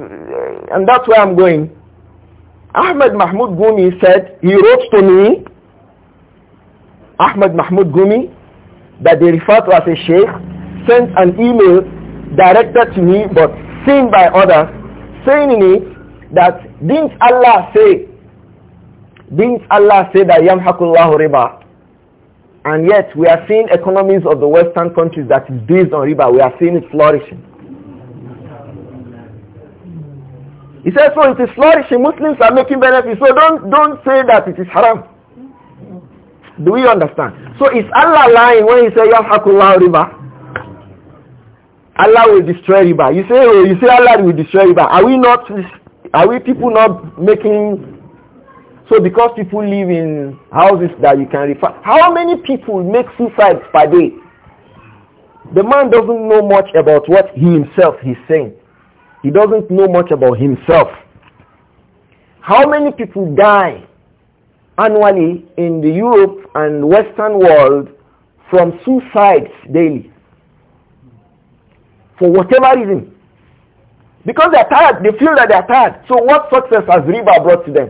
and that's where I'm going. Ahmed Mahmoud Gumi said, he wrote to me, Ahmed Mahmoud Gumi, that they refer to as a sheikh, sent an email directed to me but seen by others saying in it that didn't Allah say, didn't Allah say that Yamhakullahu riba? And yet we are seeing economies of the Western countries that is based on riba. We are seeing it flourishing. He says, so it is flourishing. Muslims are making benefits. So don't, don't say that it is haram. Do we understand? So is Allah lying when he says, Yamhakullahu riba? Allah will destroy Iba. You say, oh, you say Allah will destroy Iba. Are we not, are we people not making, so because people live in houses that you can refer, how many people make suicides per day? The man doesn't know much about what he himself is saying. He doesn't know much about himself. How many people die annually in the Europe and Western world from suicides daily? for whatever reason. Because they are tired, they feel that they are tired. So what success has riba brought to them?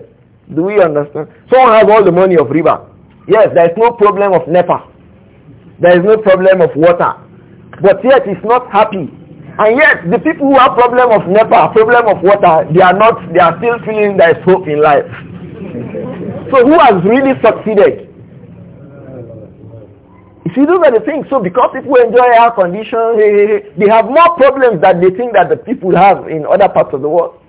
Do we understand? Someone has all the money of riba. Yes, there is no problem of NEPA. There is no problem of water. But yet he's not happy. And yet the people who have problem of NEPA, problem of water, they are not, they are still feeling there is hope in life. so who has really succeeded? You see, those are the things. So because people enjoy air condition, they have more problems that they think that the people have in other parts of the world.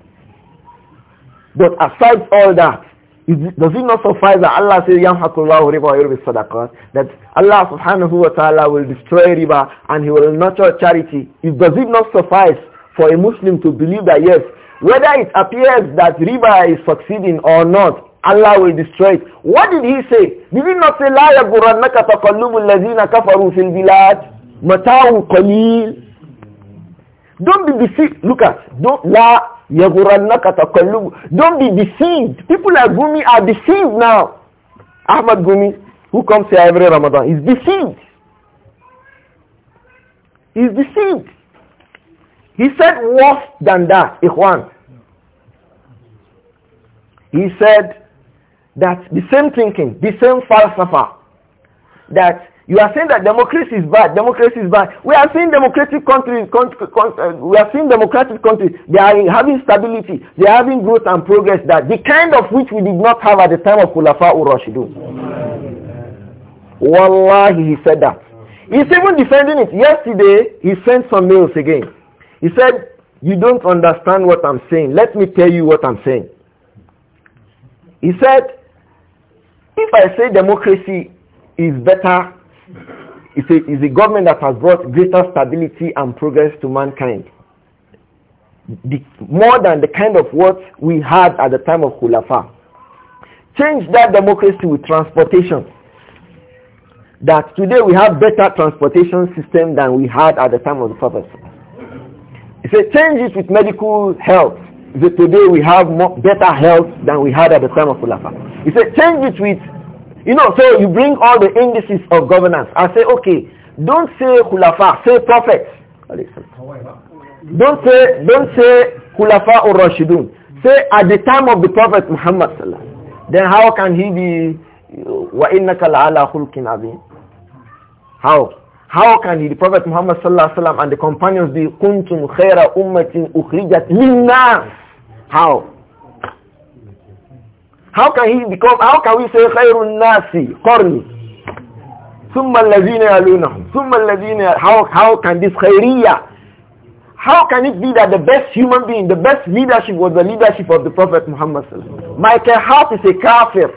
But aside all that, does it not suffice that Allah says, Yamhakullahu riba yurbi sadaqat? That Allah subhanahu wa ta'ala will destroy riba and he will nurture charity. It does it not suffice for a Muslim to believe that yes, whether it appears that riba is succeeding or not, Allah will destroy it. What did he say? Did he not say, "La يغرنك تقلب الذين kafaru في البلاد متاع Don't be deceived. Look at, don't, la يغرنك تقلب Don't be deceived. People like Gumi are deceived now. Ahmad Gumi, who comes here every Ramadan, is deceived. He's deceived. He said worse than that, Ikhwan. He said that the same thinking, the same philosopher. that you are saying that democracy is bad, democracy is bad. We are seeing democratic countries, uh, we are seeing democratic countries, they are having stability, they are having growth and progress that the kind of which we did not have at the time of Kulafa Urashidu. Wallahi, he said that. He's even defending it. Yesterday, he sent some mails again. He said, you don't understand what I'm saying. Let me tell you what I'm saying. He said, if I say democracy is better, it's a, a government that has brought greater stability and progress to mankind. The, more than the kind of what we had at the time of Khulafa. Change that democracy with transportation. That today we have better transportation system than we had at the time of the Prophet. He change it with medical health that today we have more, better health than we had at the time of Ulafa. He said, change it with, you know, so you bring all the indices of governance and say, okay, don't say Khulafa, say prophets. Don't say, don't say Khulafa or Rashidun. Say at the time of the Prophet Muhammad Then how can he be, وَإِنَّكَ لَعَلَى خُلْقٍ عَظِيمٍ How? How can he, the Prophet Muhammad and the companions be كُنْتُمْ خَيْرَ ummatin أُخْرِجَتْ لِلنَّاسِ how? How can he become, how can we say khairun nasi, qarni? ثم الذين يلونهم ثم الذين how how can this khairiyah how can it be that the best human being the best leadership was the leadership of the prophet muhammad michael hart is a kafir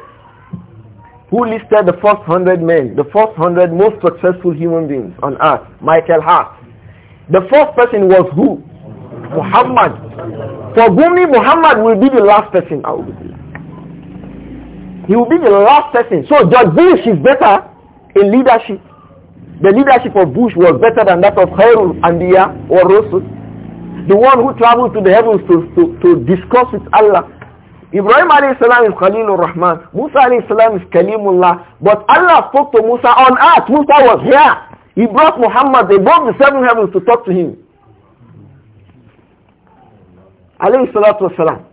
who listed the first hundred men the first hundred most successful human beings on earth michael hart the first person was who Muhammad. For Gumi, Muhammad will be the last person. I will be. He will be the last person. So George Bush is better in leadership. The leadership of Bush was better than that of Khairul Anbiya or Rasul. The one who traveled to the heavens to, to, to discuss with Allah. Ibrahim As salam is Khalilur Rahman. Musa As salam is Kalimullah. But Allah spoke to Musa on earth. Musa was here. He brought Muhammad. They brought the seven heavens to talk to him alayhi salatu wasalam.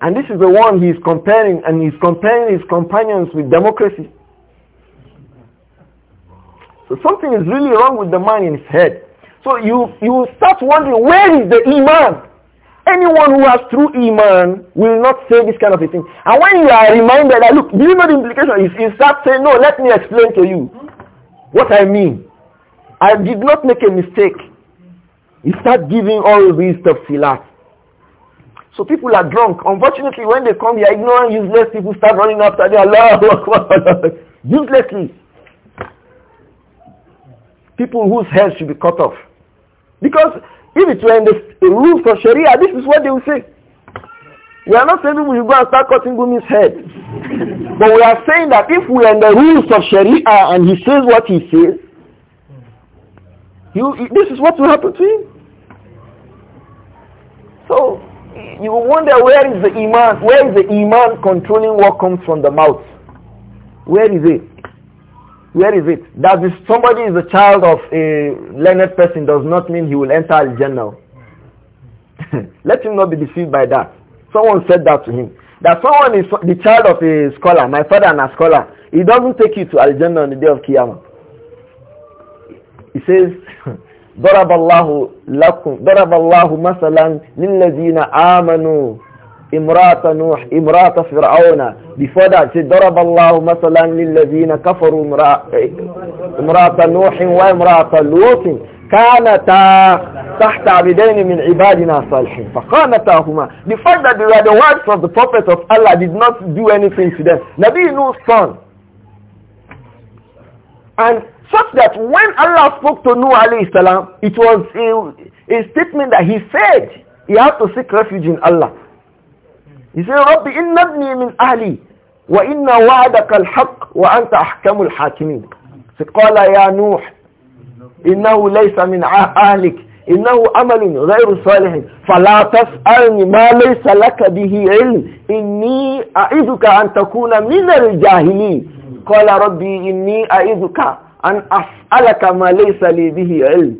And this is the one he is comparing, and he's comparing his companions with democracy. So something is really wrong with the man in his head. So you, you start wondering, where is the iman? Anyone who has true iman will not say this kind of a thing. And when you are reminded that, look, do you know the implication? You, you start saying, no, let me explain to you what I mean. I did not make a mistake. You start giving all these tafsilat. So people are drunk. Unfortunately, when they come are ignorant, useless people start running after them. Allah, uselessly. People whose heads should be cut off. Because if it were in the, rules of Sharia, this is what they will say. We are not saying we should go and start cutting Gumi's head. but we are saying that if we are in the rules of Sharia and he says what he says, you this is what will happen to him. So you wonder where is the iman, where is the iman controlling what comes from the mouth? Where is it? Where is it? That if somebody is a child of a learned person does not mean he will enter al-Jannah. Let him not be deceived by that. Someone said that to him. That someone is the child of a scholar, my father and a scholar. He doesn't take you to al-Jannah on the day of Qiyamah. He says, ضرب الله لكم ضرب الله مثلا للذين آمنوا امرأة نوح امرأة فرعون before ضرب الله مثلا للذين كفروا امرأة نوح وامرأة لوط كانتا تحت عبدين من عبادنا صالحين فقامتاهما the fact that they were the words of the prophet of Allah did not do anything to them نبي نوح son and Such that when Allah spoke to Nuh alayhi salam, it was a, statement that he said he had to seek refuge in Allah. He said, Rabbi, innabni min ahli wa inna wa'adaka al-haq wa anta ahkamul hakimin. So qala ya Nuh, innahu laysa min ah-, ahlik, innahu amalun ghayru salih, fala tas'alni ma laysa laka bihi ilm, inni a'iduka antakuna takuna min al-jahilin. Qala Rabbi, inni a'iduka and as'alaka ma laysa li bihi ilm.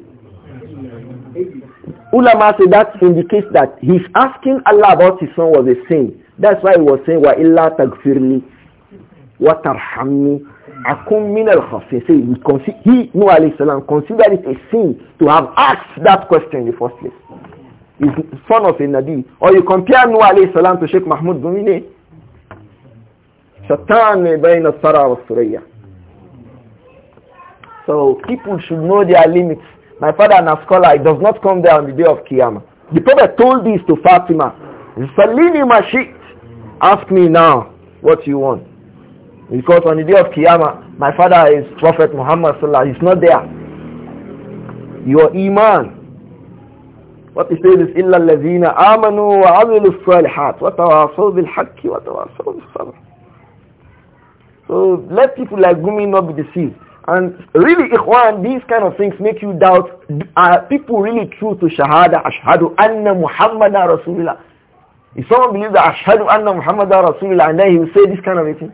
Ulama say that indicates that he's asking Allah about his son was a sin. That's why he was saying, wa illa tagfirni, wa tarhamni akum min al khafin. Say, he, Nuh alayhi salam, considered it a sin to have asked that question in the first place. He's son of a Nabi. Or you compare Nuh alayhi salam to Sheikh Mahmoud Gumine. شتان بين الثرى والثريا so people should know their limits. My father and a scholar, it does not come there on the day of Qiyamah. The Prophet told this to Fatima. Salini Mashit, ask me now what you want. Because on the day of Qiyamah, my father is Prophet Muhammad Sallallahu He's not there. Your Iman. What he says is, إِلَّا الَّذِينَ آمَنُوا وَعَمِلُوا الصَّالِحَاتِ وَتَوَاصَوْا بِالْحَقِّ وَتَوَاصَوْا بِالصَّبْرِ So let people like Gumi not be deceived. And really, Ikhwan, these kind of things make you doubt, are people really true to Shahada, Ashhadu Anna Muhammadar Rasulullah? If someone believes that Ashhadu Anna Muhammadar Rasulullah, and then he will say this kind of a thing.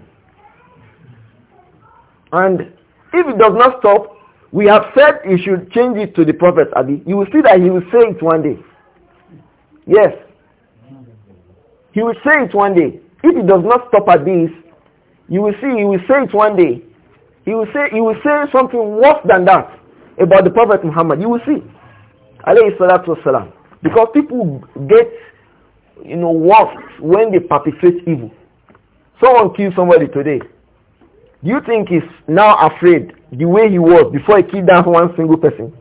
And if it does not stop, we have said you should change it to the Prophet Abi. You will see that he will say it one day. Yes. He will say it one day. If it does not stop at this, you will see he will say it one day. He will say, he will say something worse than that about the Prophet Muhammad. You will see. Alayhi salatu wasalam. Because people get, you know, worse when they perpetrate evil. Someone kills somebody today. Do you think he's now afraid the way he was before he killed down one single person?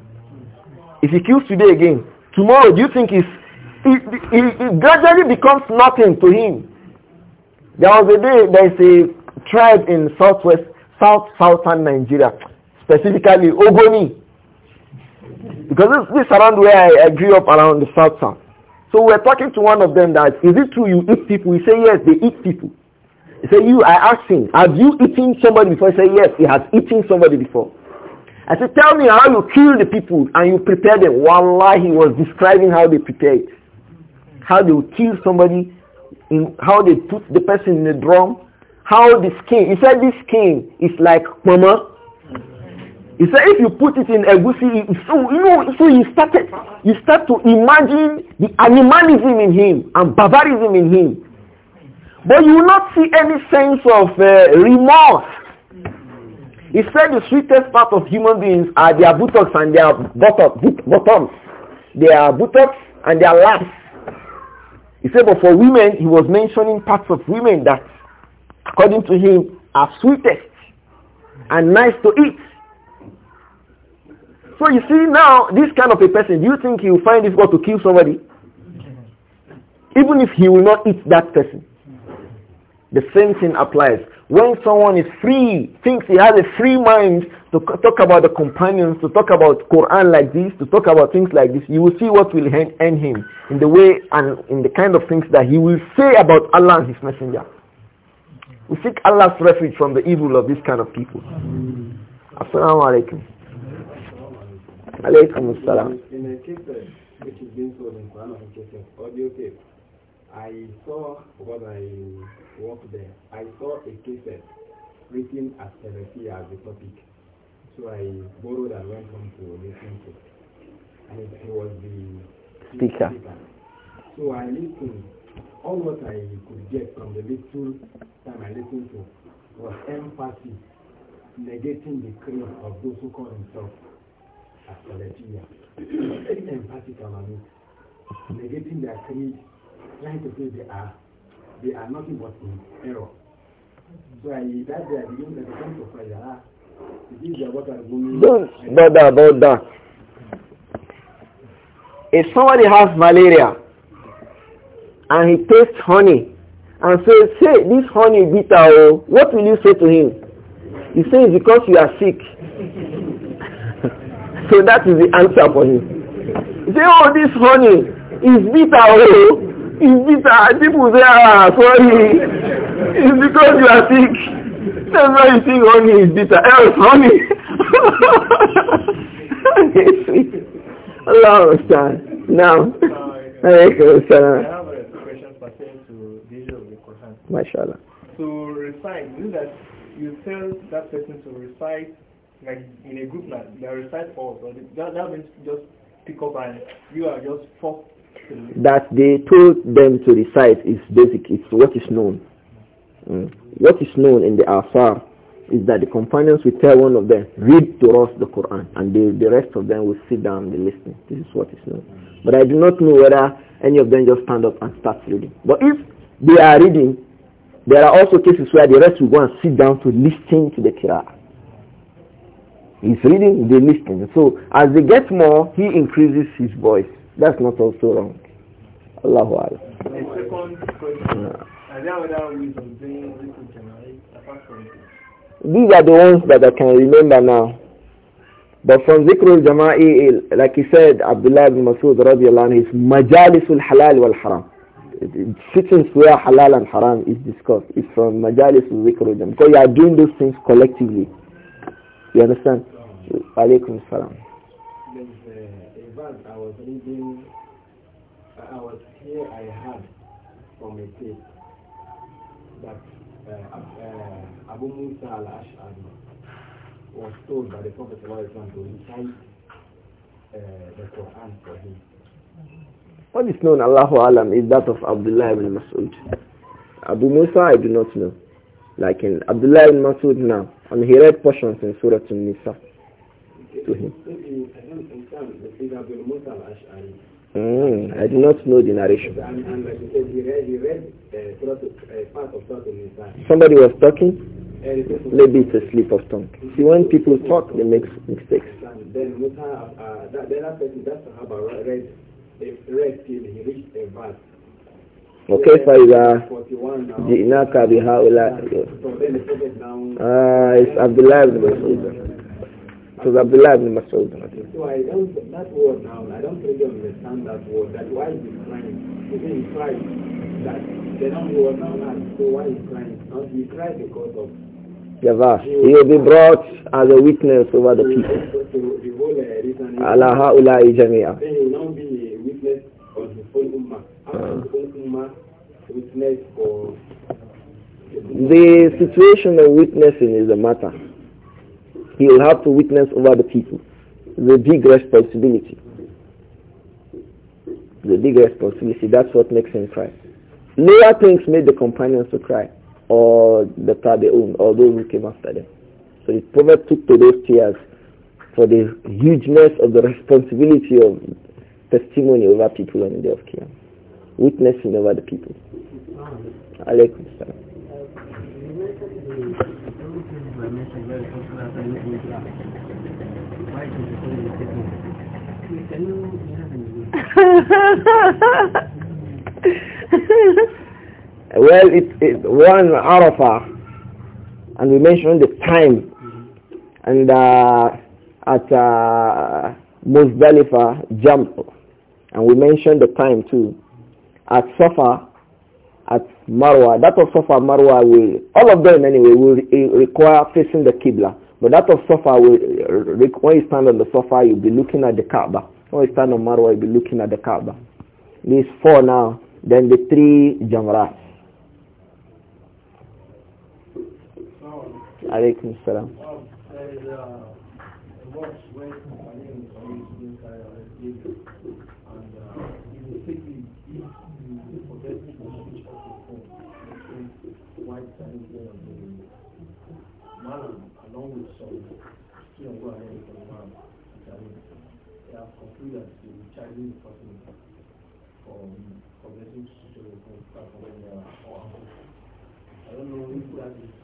If he kills today again, tomorrow do you think he's, it, it, it gradually becomes nothing to him. There was a day, there is a tribe in southwest south southern Nigeria, specifically Ogoni. Because this, this around where I, I grew up around the south south. So we're talking to one of them that, is it true you eat people? He say yes, they eat people. He say you, I asked him, have you eaten somebody before? He said, yes, he has eaten somebody before. I said, tell me how you kill the people and you prepare them. Wallah, he was describing how they prepare, it. How they kill somebody, in, how they put the person in a drum, how the skin, he said this skin is like mama. He said if you put it in egusi, so you know, so you started, you start to imagine the animalism in him and barbarism in him. But you will not see any sense of uh, remorse. He said the sweetest part of human beings are their buttocks and their bottom, bottoms. Their buttocks and their laps. He said, but for women, he was mentioning parts of women that according to him, are sweetest and nice to eat. So you see now, this kind of a person, do you think he will find it difficult to kill somebody? Even if he will not eat that person. The same thing applies. When someone is free, thinks he has a free mind to talk about the companions, to talk about Quran like this, to talk about things like this, you will see what will end him in the way and in the kind of things that he will say about Allah and his messenger. We seek Allah's refuge from the evil of these kind of people. Assalamu alaikum. Alaikum assalam. In a case uh, which is being sold in one of the cases, audio tape, I saw, because I worked there, I saw a case uh, written as therapy as the topic. So I borrowed and went home to listen to it. And it was the speaker. speaker. So I listened all what I could get from the little time I listened to was empathy, negating the claim of those who call themselves as Salafiya. Very empathy, about it, negating their claim, trying to say they are they are nothing but in error. So I that day I began to come to prayer. Ah, this is what I'm going Don't bother about that. If somebody has malaria, and he tastes honey and says, hey, this honey bitter, oh. what will you say to him? He says, because you are sick. so that is the answer for him. He says, oh, this honey is bitter, oh, is bitter. And people say, ah, sorry, it's because you are sick. That's why you think honey is bitter. Else, honey. Allah understand. Now, I understand mashallah. So recite, means that you tell that person to recite, like in a group now, they recite for us, or that, that means just pick up and you are just forced that they told them to recite is basic, it's what is known. Mm. What is known in the Asar is that the companions will tell one of them, read to us the Quran, and the, the rest of them will sit down and listen. This is what is known. But I do not know whether any of them just stand up and start reading. But if they are reading, there are also cases where the rest will go and sit down to listen to the kira. He's reading, they listen. So as they get more, he increases his voice. That's not also wrong. Allahu Allah. second question, are there other ways of doing These are the ones that I can remember now. But from Zikrul Jama'i, like he said, Abdullah bin Masud radiallahu anhu, is Majalisul Halal wal Haram sittings where halal and haram is discussed is from majalis zikrujam because you are doing those things collectively you understand alaikum salam I was reading, I was here, I heard from a tape that Abu Musa al-Ash'ari was told by the Prophet to recite uh, the Quran for him. What is known, Allahu Alam, is that of Abdullah ibn Mas'ud. Abu Musa, I do not know. Like in Abdullah ibn Mas'ud now, and he read portions in Surah An-Nisa to him. Mm, I do not know the narration. Somebody was talking, maybe it's a slip of tongue. See, when people talk, they make mistakes. Then Musa, uh, that, that, Okay, he reached a vat. وكيف إذا جئناك بهؤلاء آه it's Abdullah ibn Mas'ud to Abdullah ibn Mas'ud so I don't that word now I don't really understand that word that why he's crying is he crying that they don't know what now so why is crying not he cried because of Yavash. He will be brought as a witness over the people. Allah ha'ulai jami'a whole ummah? How whole uh. ummah witness for... The situation of witnessing is a matter. He will have to witness over the people. The big responsibility. The big responsibility. That's what makes him cry. Lower things made the companions to cry, or the tabi'un, or those who came after them. So the Prophet took to those tears for the hugeness of the responsibility of testimony over people on the day of Qiyam. Witnessing over the people. Alaykum salam. well, it, it one Arafah, and we mentioned the time, and uh, at uh, Muzdalifah, jump and we mentioned the time too. At Safa, at Marwa, that of Safa, Marwa will, all of them anyway, will require facing the Qibla. But that of Safa, will, when you stand on the Safa, you'll be looking at the Kaaba. When you stand on Marwa, you'll be looking at the Kaaba. These four now, then the three Jamras. Alaykum salam. Um, there is uh, a verse where companion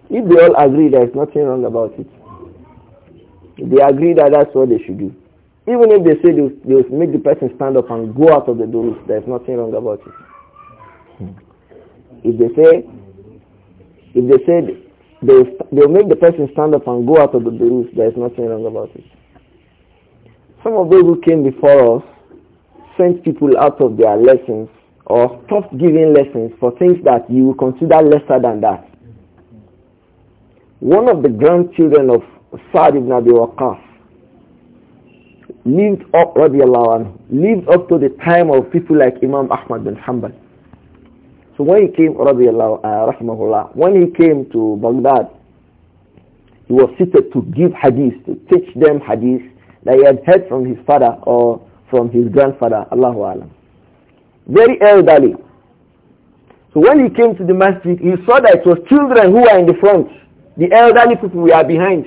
If they all agree, there is nothing wrong about it. If they agree that that's what they should do. Even if they say they will make the person stand up and go out of the door, there is nothing wrong about it. If they say, if they say they will make the person stand up and go out of the door, there is nothing wrong about it. Some of those who came before us sent people out of their lessons or stopped giving lessons for things that you will consider lesser than that. One of the grandchildren of Sa'd ibn Abi Waqqas lived up, lived up to the time of people like Imam Ahmad bin Hanbal. So when he came, uh, when he came to Baghdad, he was seated to give hadith, to teach them hadith that he had heard from his father or from his grandfather, Allahu Alam very elderly. So when he came to the masjid, he saw that it was children who were in the front. The elderly people were behind.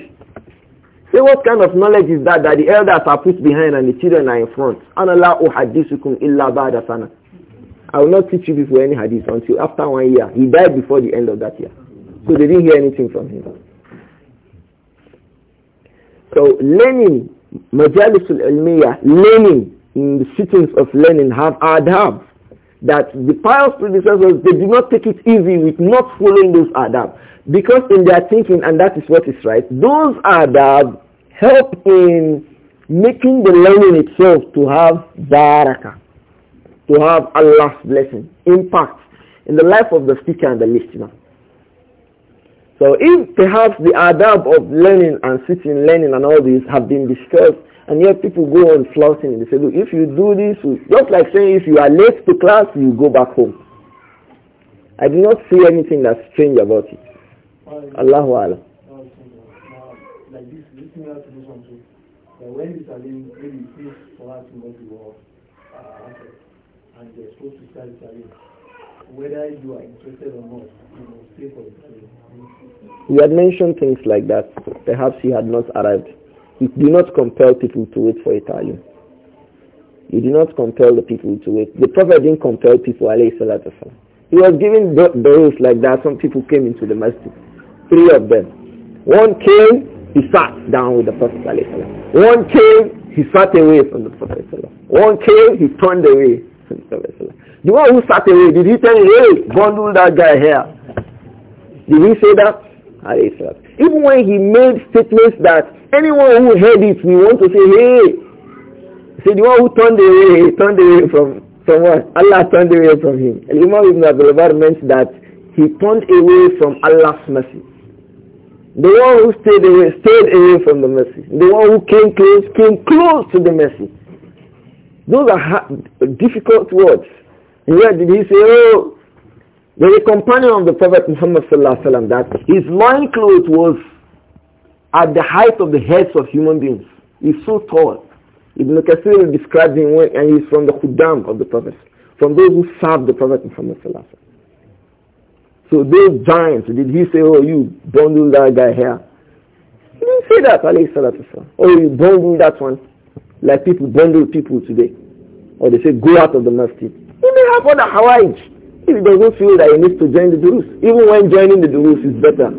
Say what kind of knowledge is that that the elders are put behind and the children are in front? Anala uhadisukum illa ba'da I will not teach you before any hadith until after one year. He died before the end of that year. So they didn't hear anything from him. So learning, majalisul ilmiya, learning in the sittings of learning have adab that the pious predecessors, they did not take it easy with not following those adab. Because in their thinking, and that is what is right, those adab help in making the learning itself to have baraka, to have Allah's blessing, impact in the life of the speaker and the listener. So if perhaps the adab of learning and sitting, learning and all these have been discussed and yet people go on flouting. They say, look, if you do this, just like saying if you are late to class, you go back home. I do not see anything that's strange about it. Allahu Allah. Well, like this, this and they're supposed to start whether you are interested or not, you You had mentioned things like that. Perhaps you had not arrived. You do not compel people to wait for a time. You do not compel the people to wait. The Prophet didn't compel people, alayhi salatu He was giving rules like that. Some people came into the masjid. Three of them. One came, he sat down with the Prophet, alayhi One came, he sat away from the Prophet. One came, he turned away from the Prophet. The one who sat away, did he tell you, hey, bundle that guy here? Did he say that? Even when he made statements that anyone who heard it, we want to say, hey, said the one who turned away, turned away from, from what? Allah turned away from him. And Imam Ibn Abdul meant that he turned away from Allah's mercy. The one who stayed away, stayed away from the mercy. The one who came close, came close to the mercy. Those are difficult words. And where did he say, oh, there's a companion of the Prophet Muhammad sallallahu alaihi wasallam that his loincloth was at the height of the heads of human beings. He's so tall. Ibn Kathir describes him when, and he's from the Khuddam of the Prophet, from those who served the Prophet Muhammad Sallallahu So those giants, did he say, oh, you bundle that guy here? He didn't say that, alayhi salatu Oh, you bundle that one, like people bundle people today. Or they say, go out of the masjid. He may have other Hawaii. He doesn't feel that he needs to join the Durus. Even when joining the Durus is better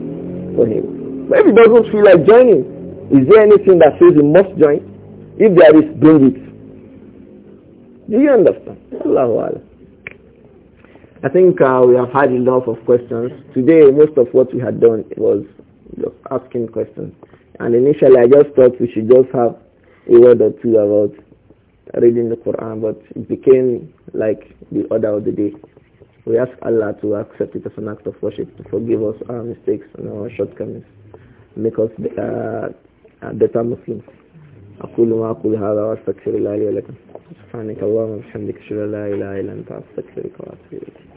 for him. Maybe he doesn't feel like joining. Is there anything that says he must join? If there is, bring it. Do you understand? I think uh, we have had enough of questions. Today, most of what we had done was just asking questions. And initially, I just thought we should just have a word or two about reading the Quran, but it became like the order of the day. We ask Allah to accept it as an act of worship, to forgive us our mistakes and our shortcomings. make us better, better Muslims أقول ما أقول هذا وأستغفر الله لي ولكم سبحانك اللهم وبحمدك أشهد أن لا إله إلا أنت أستغفرك وأتوب إليك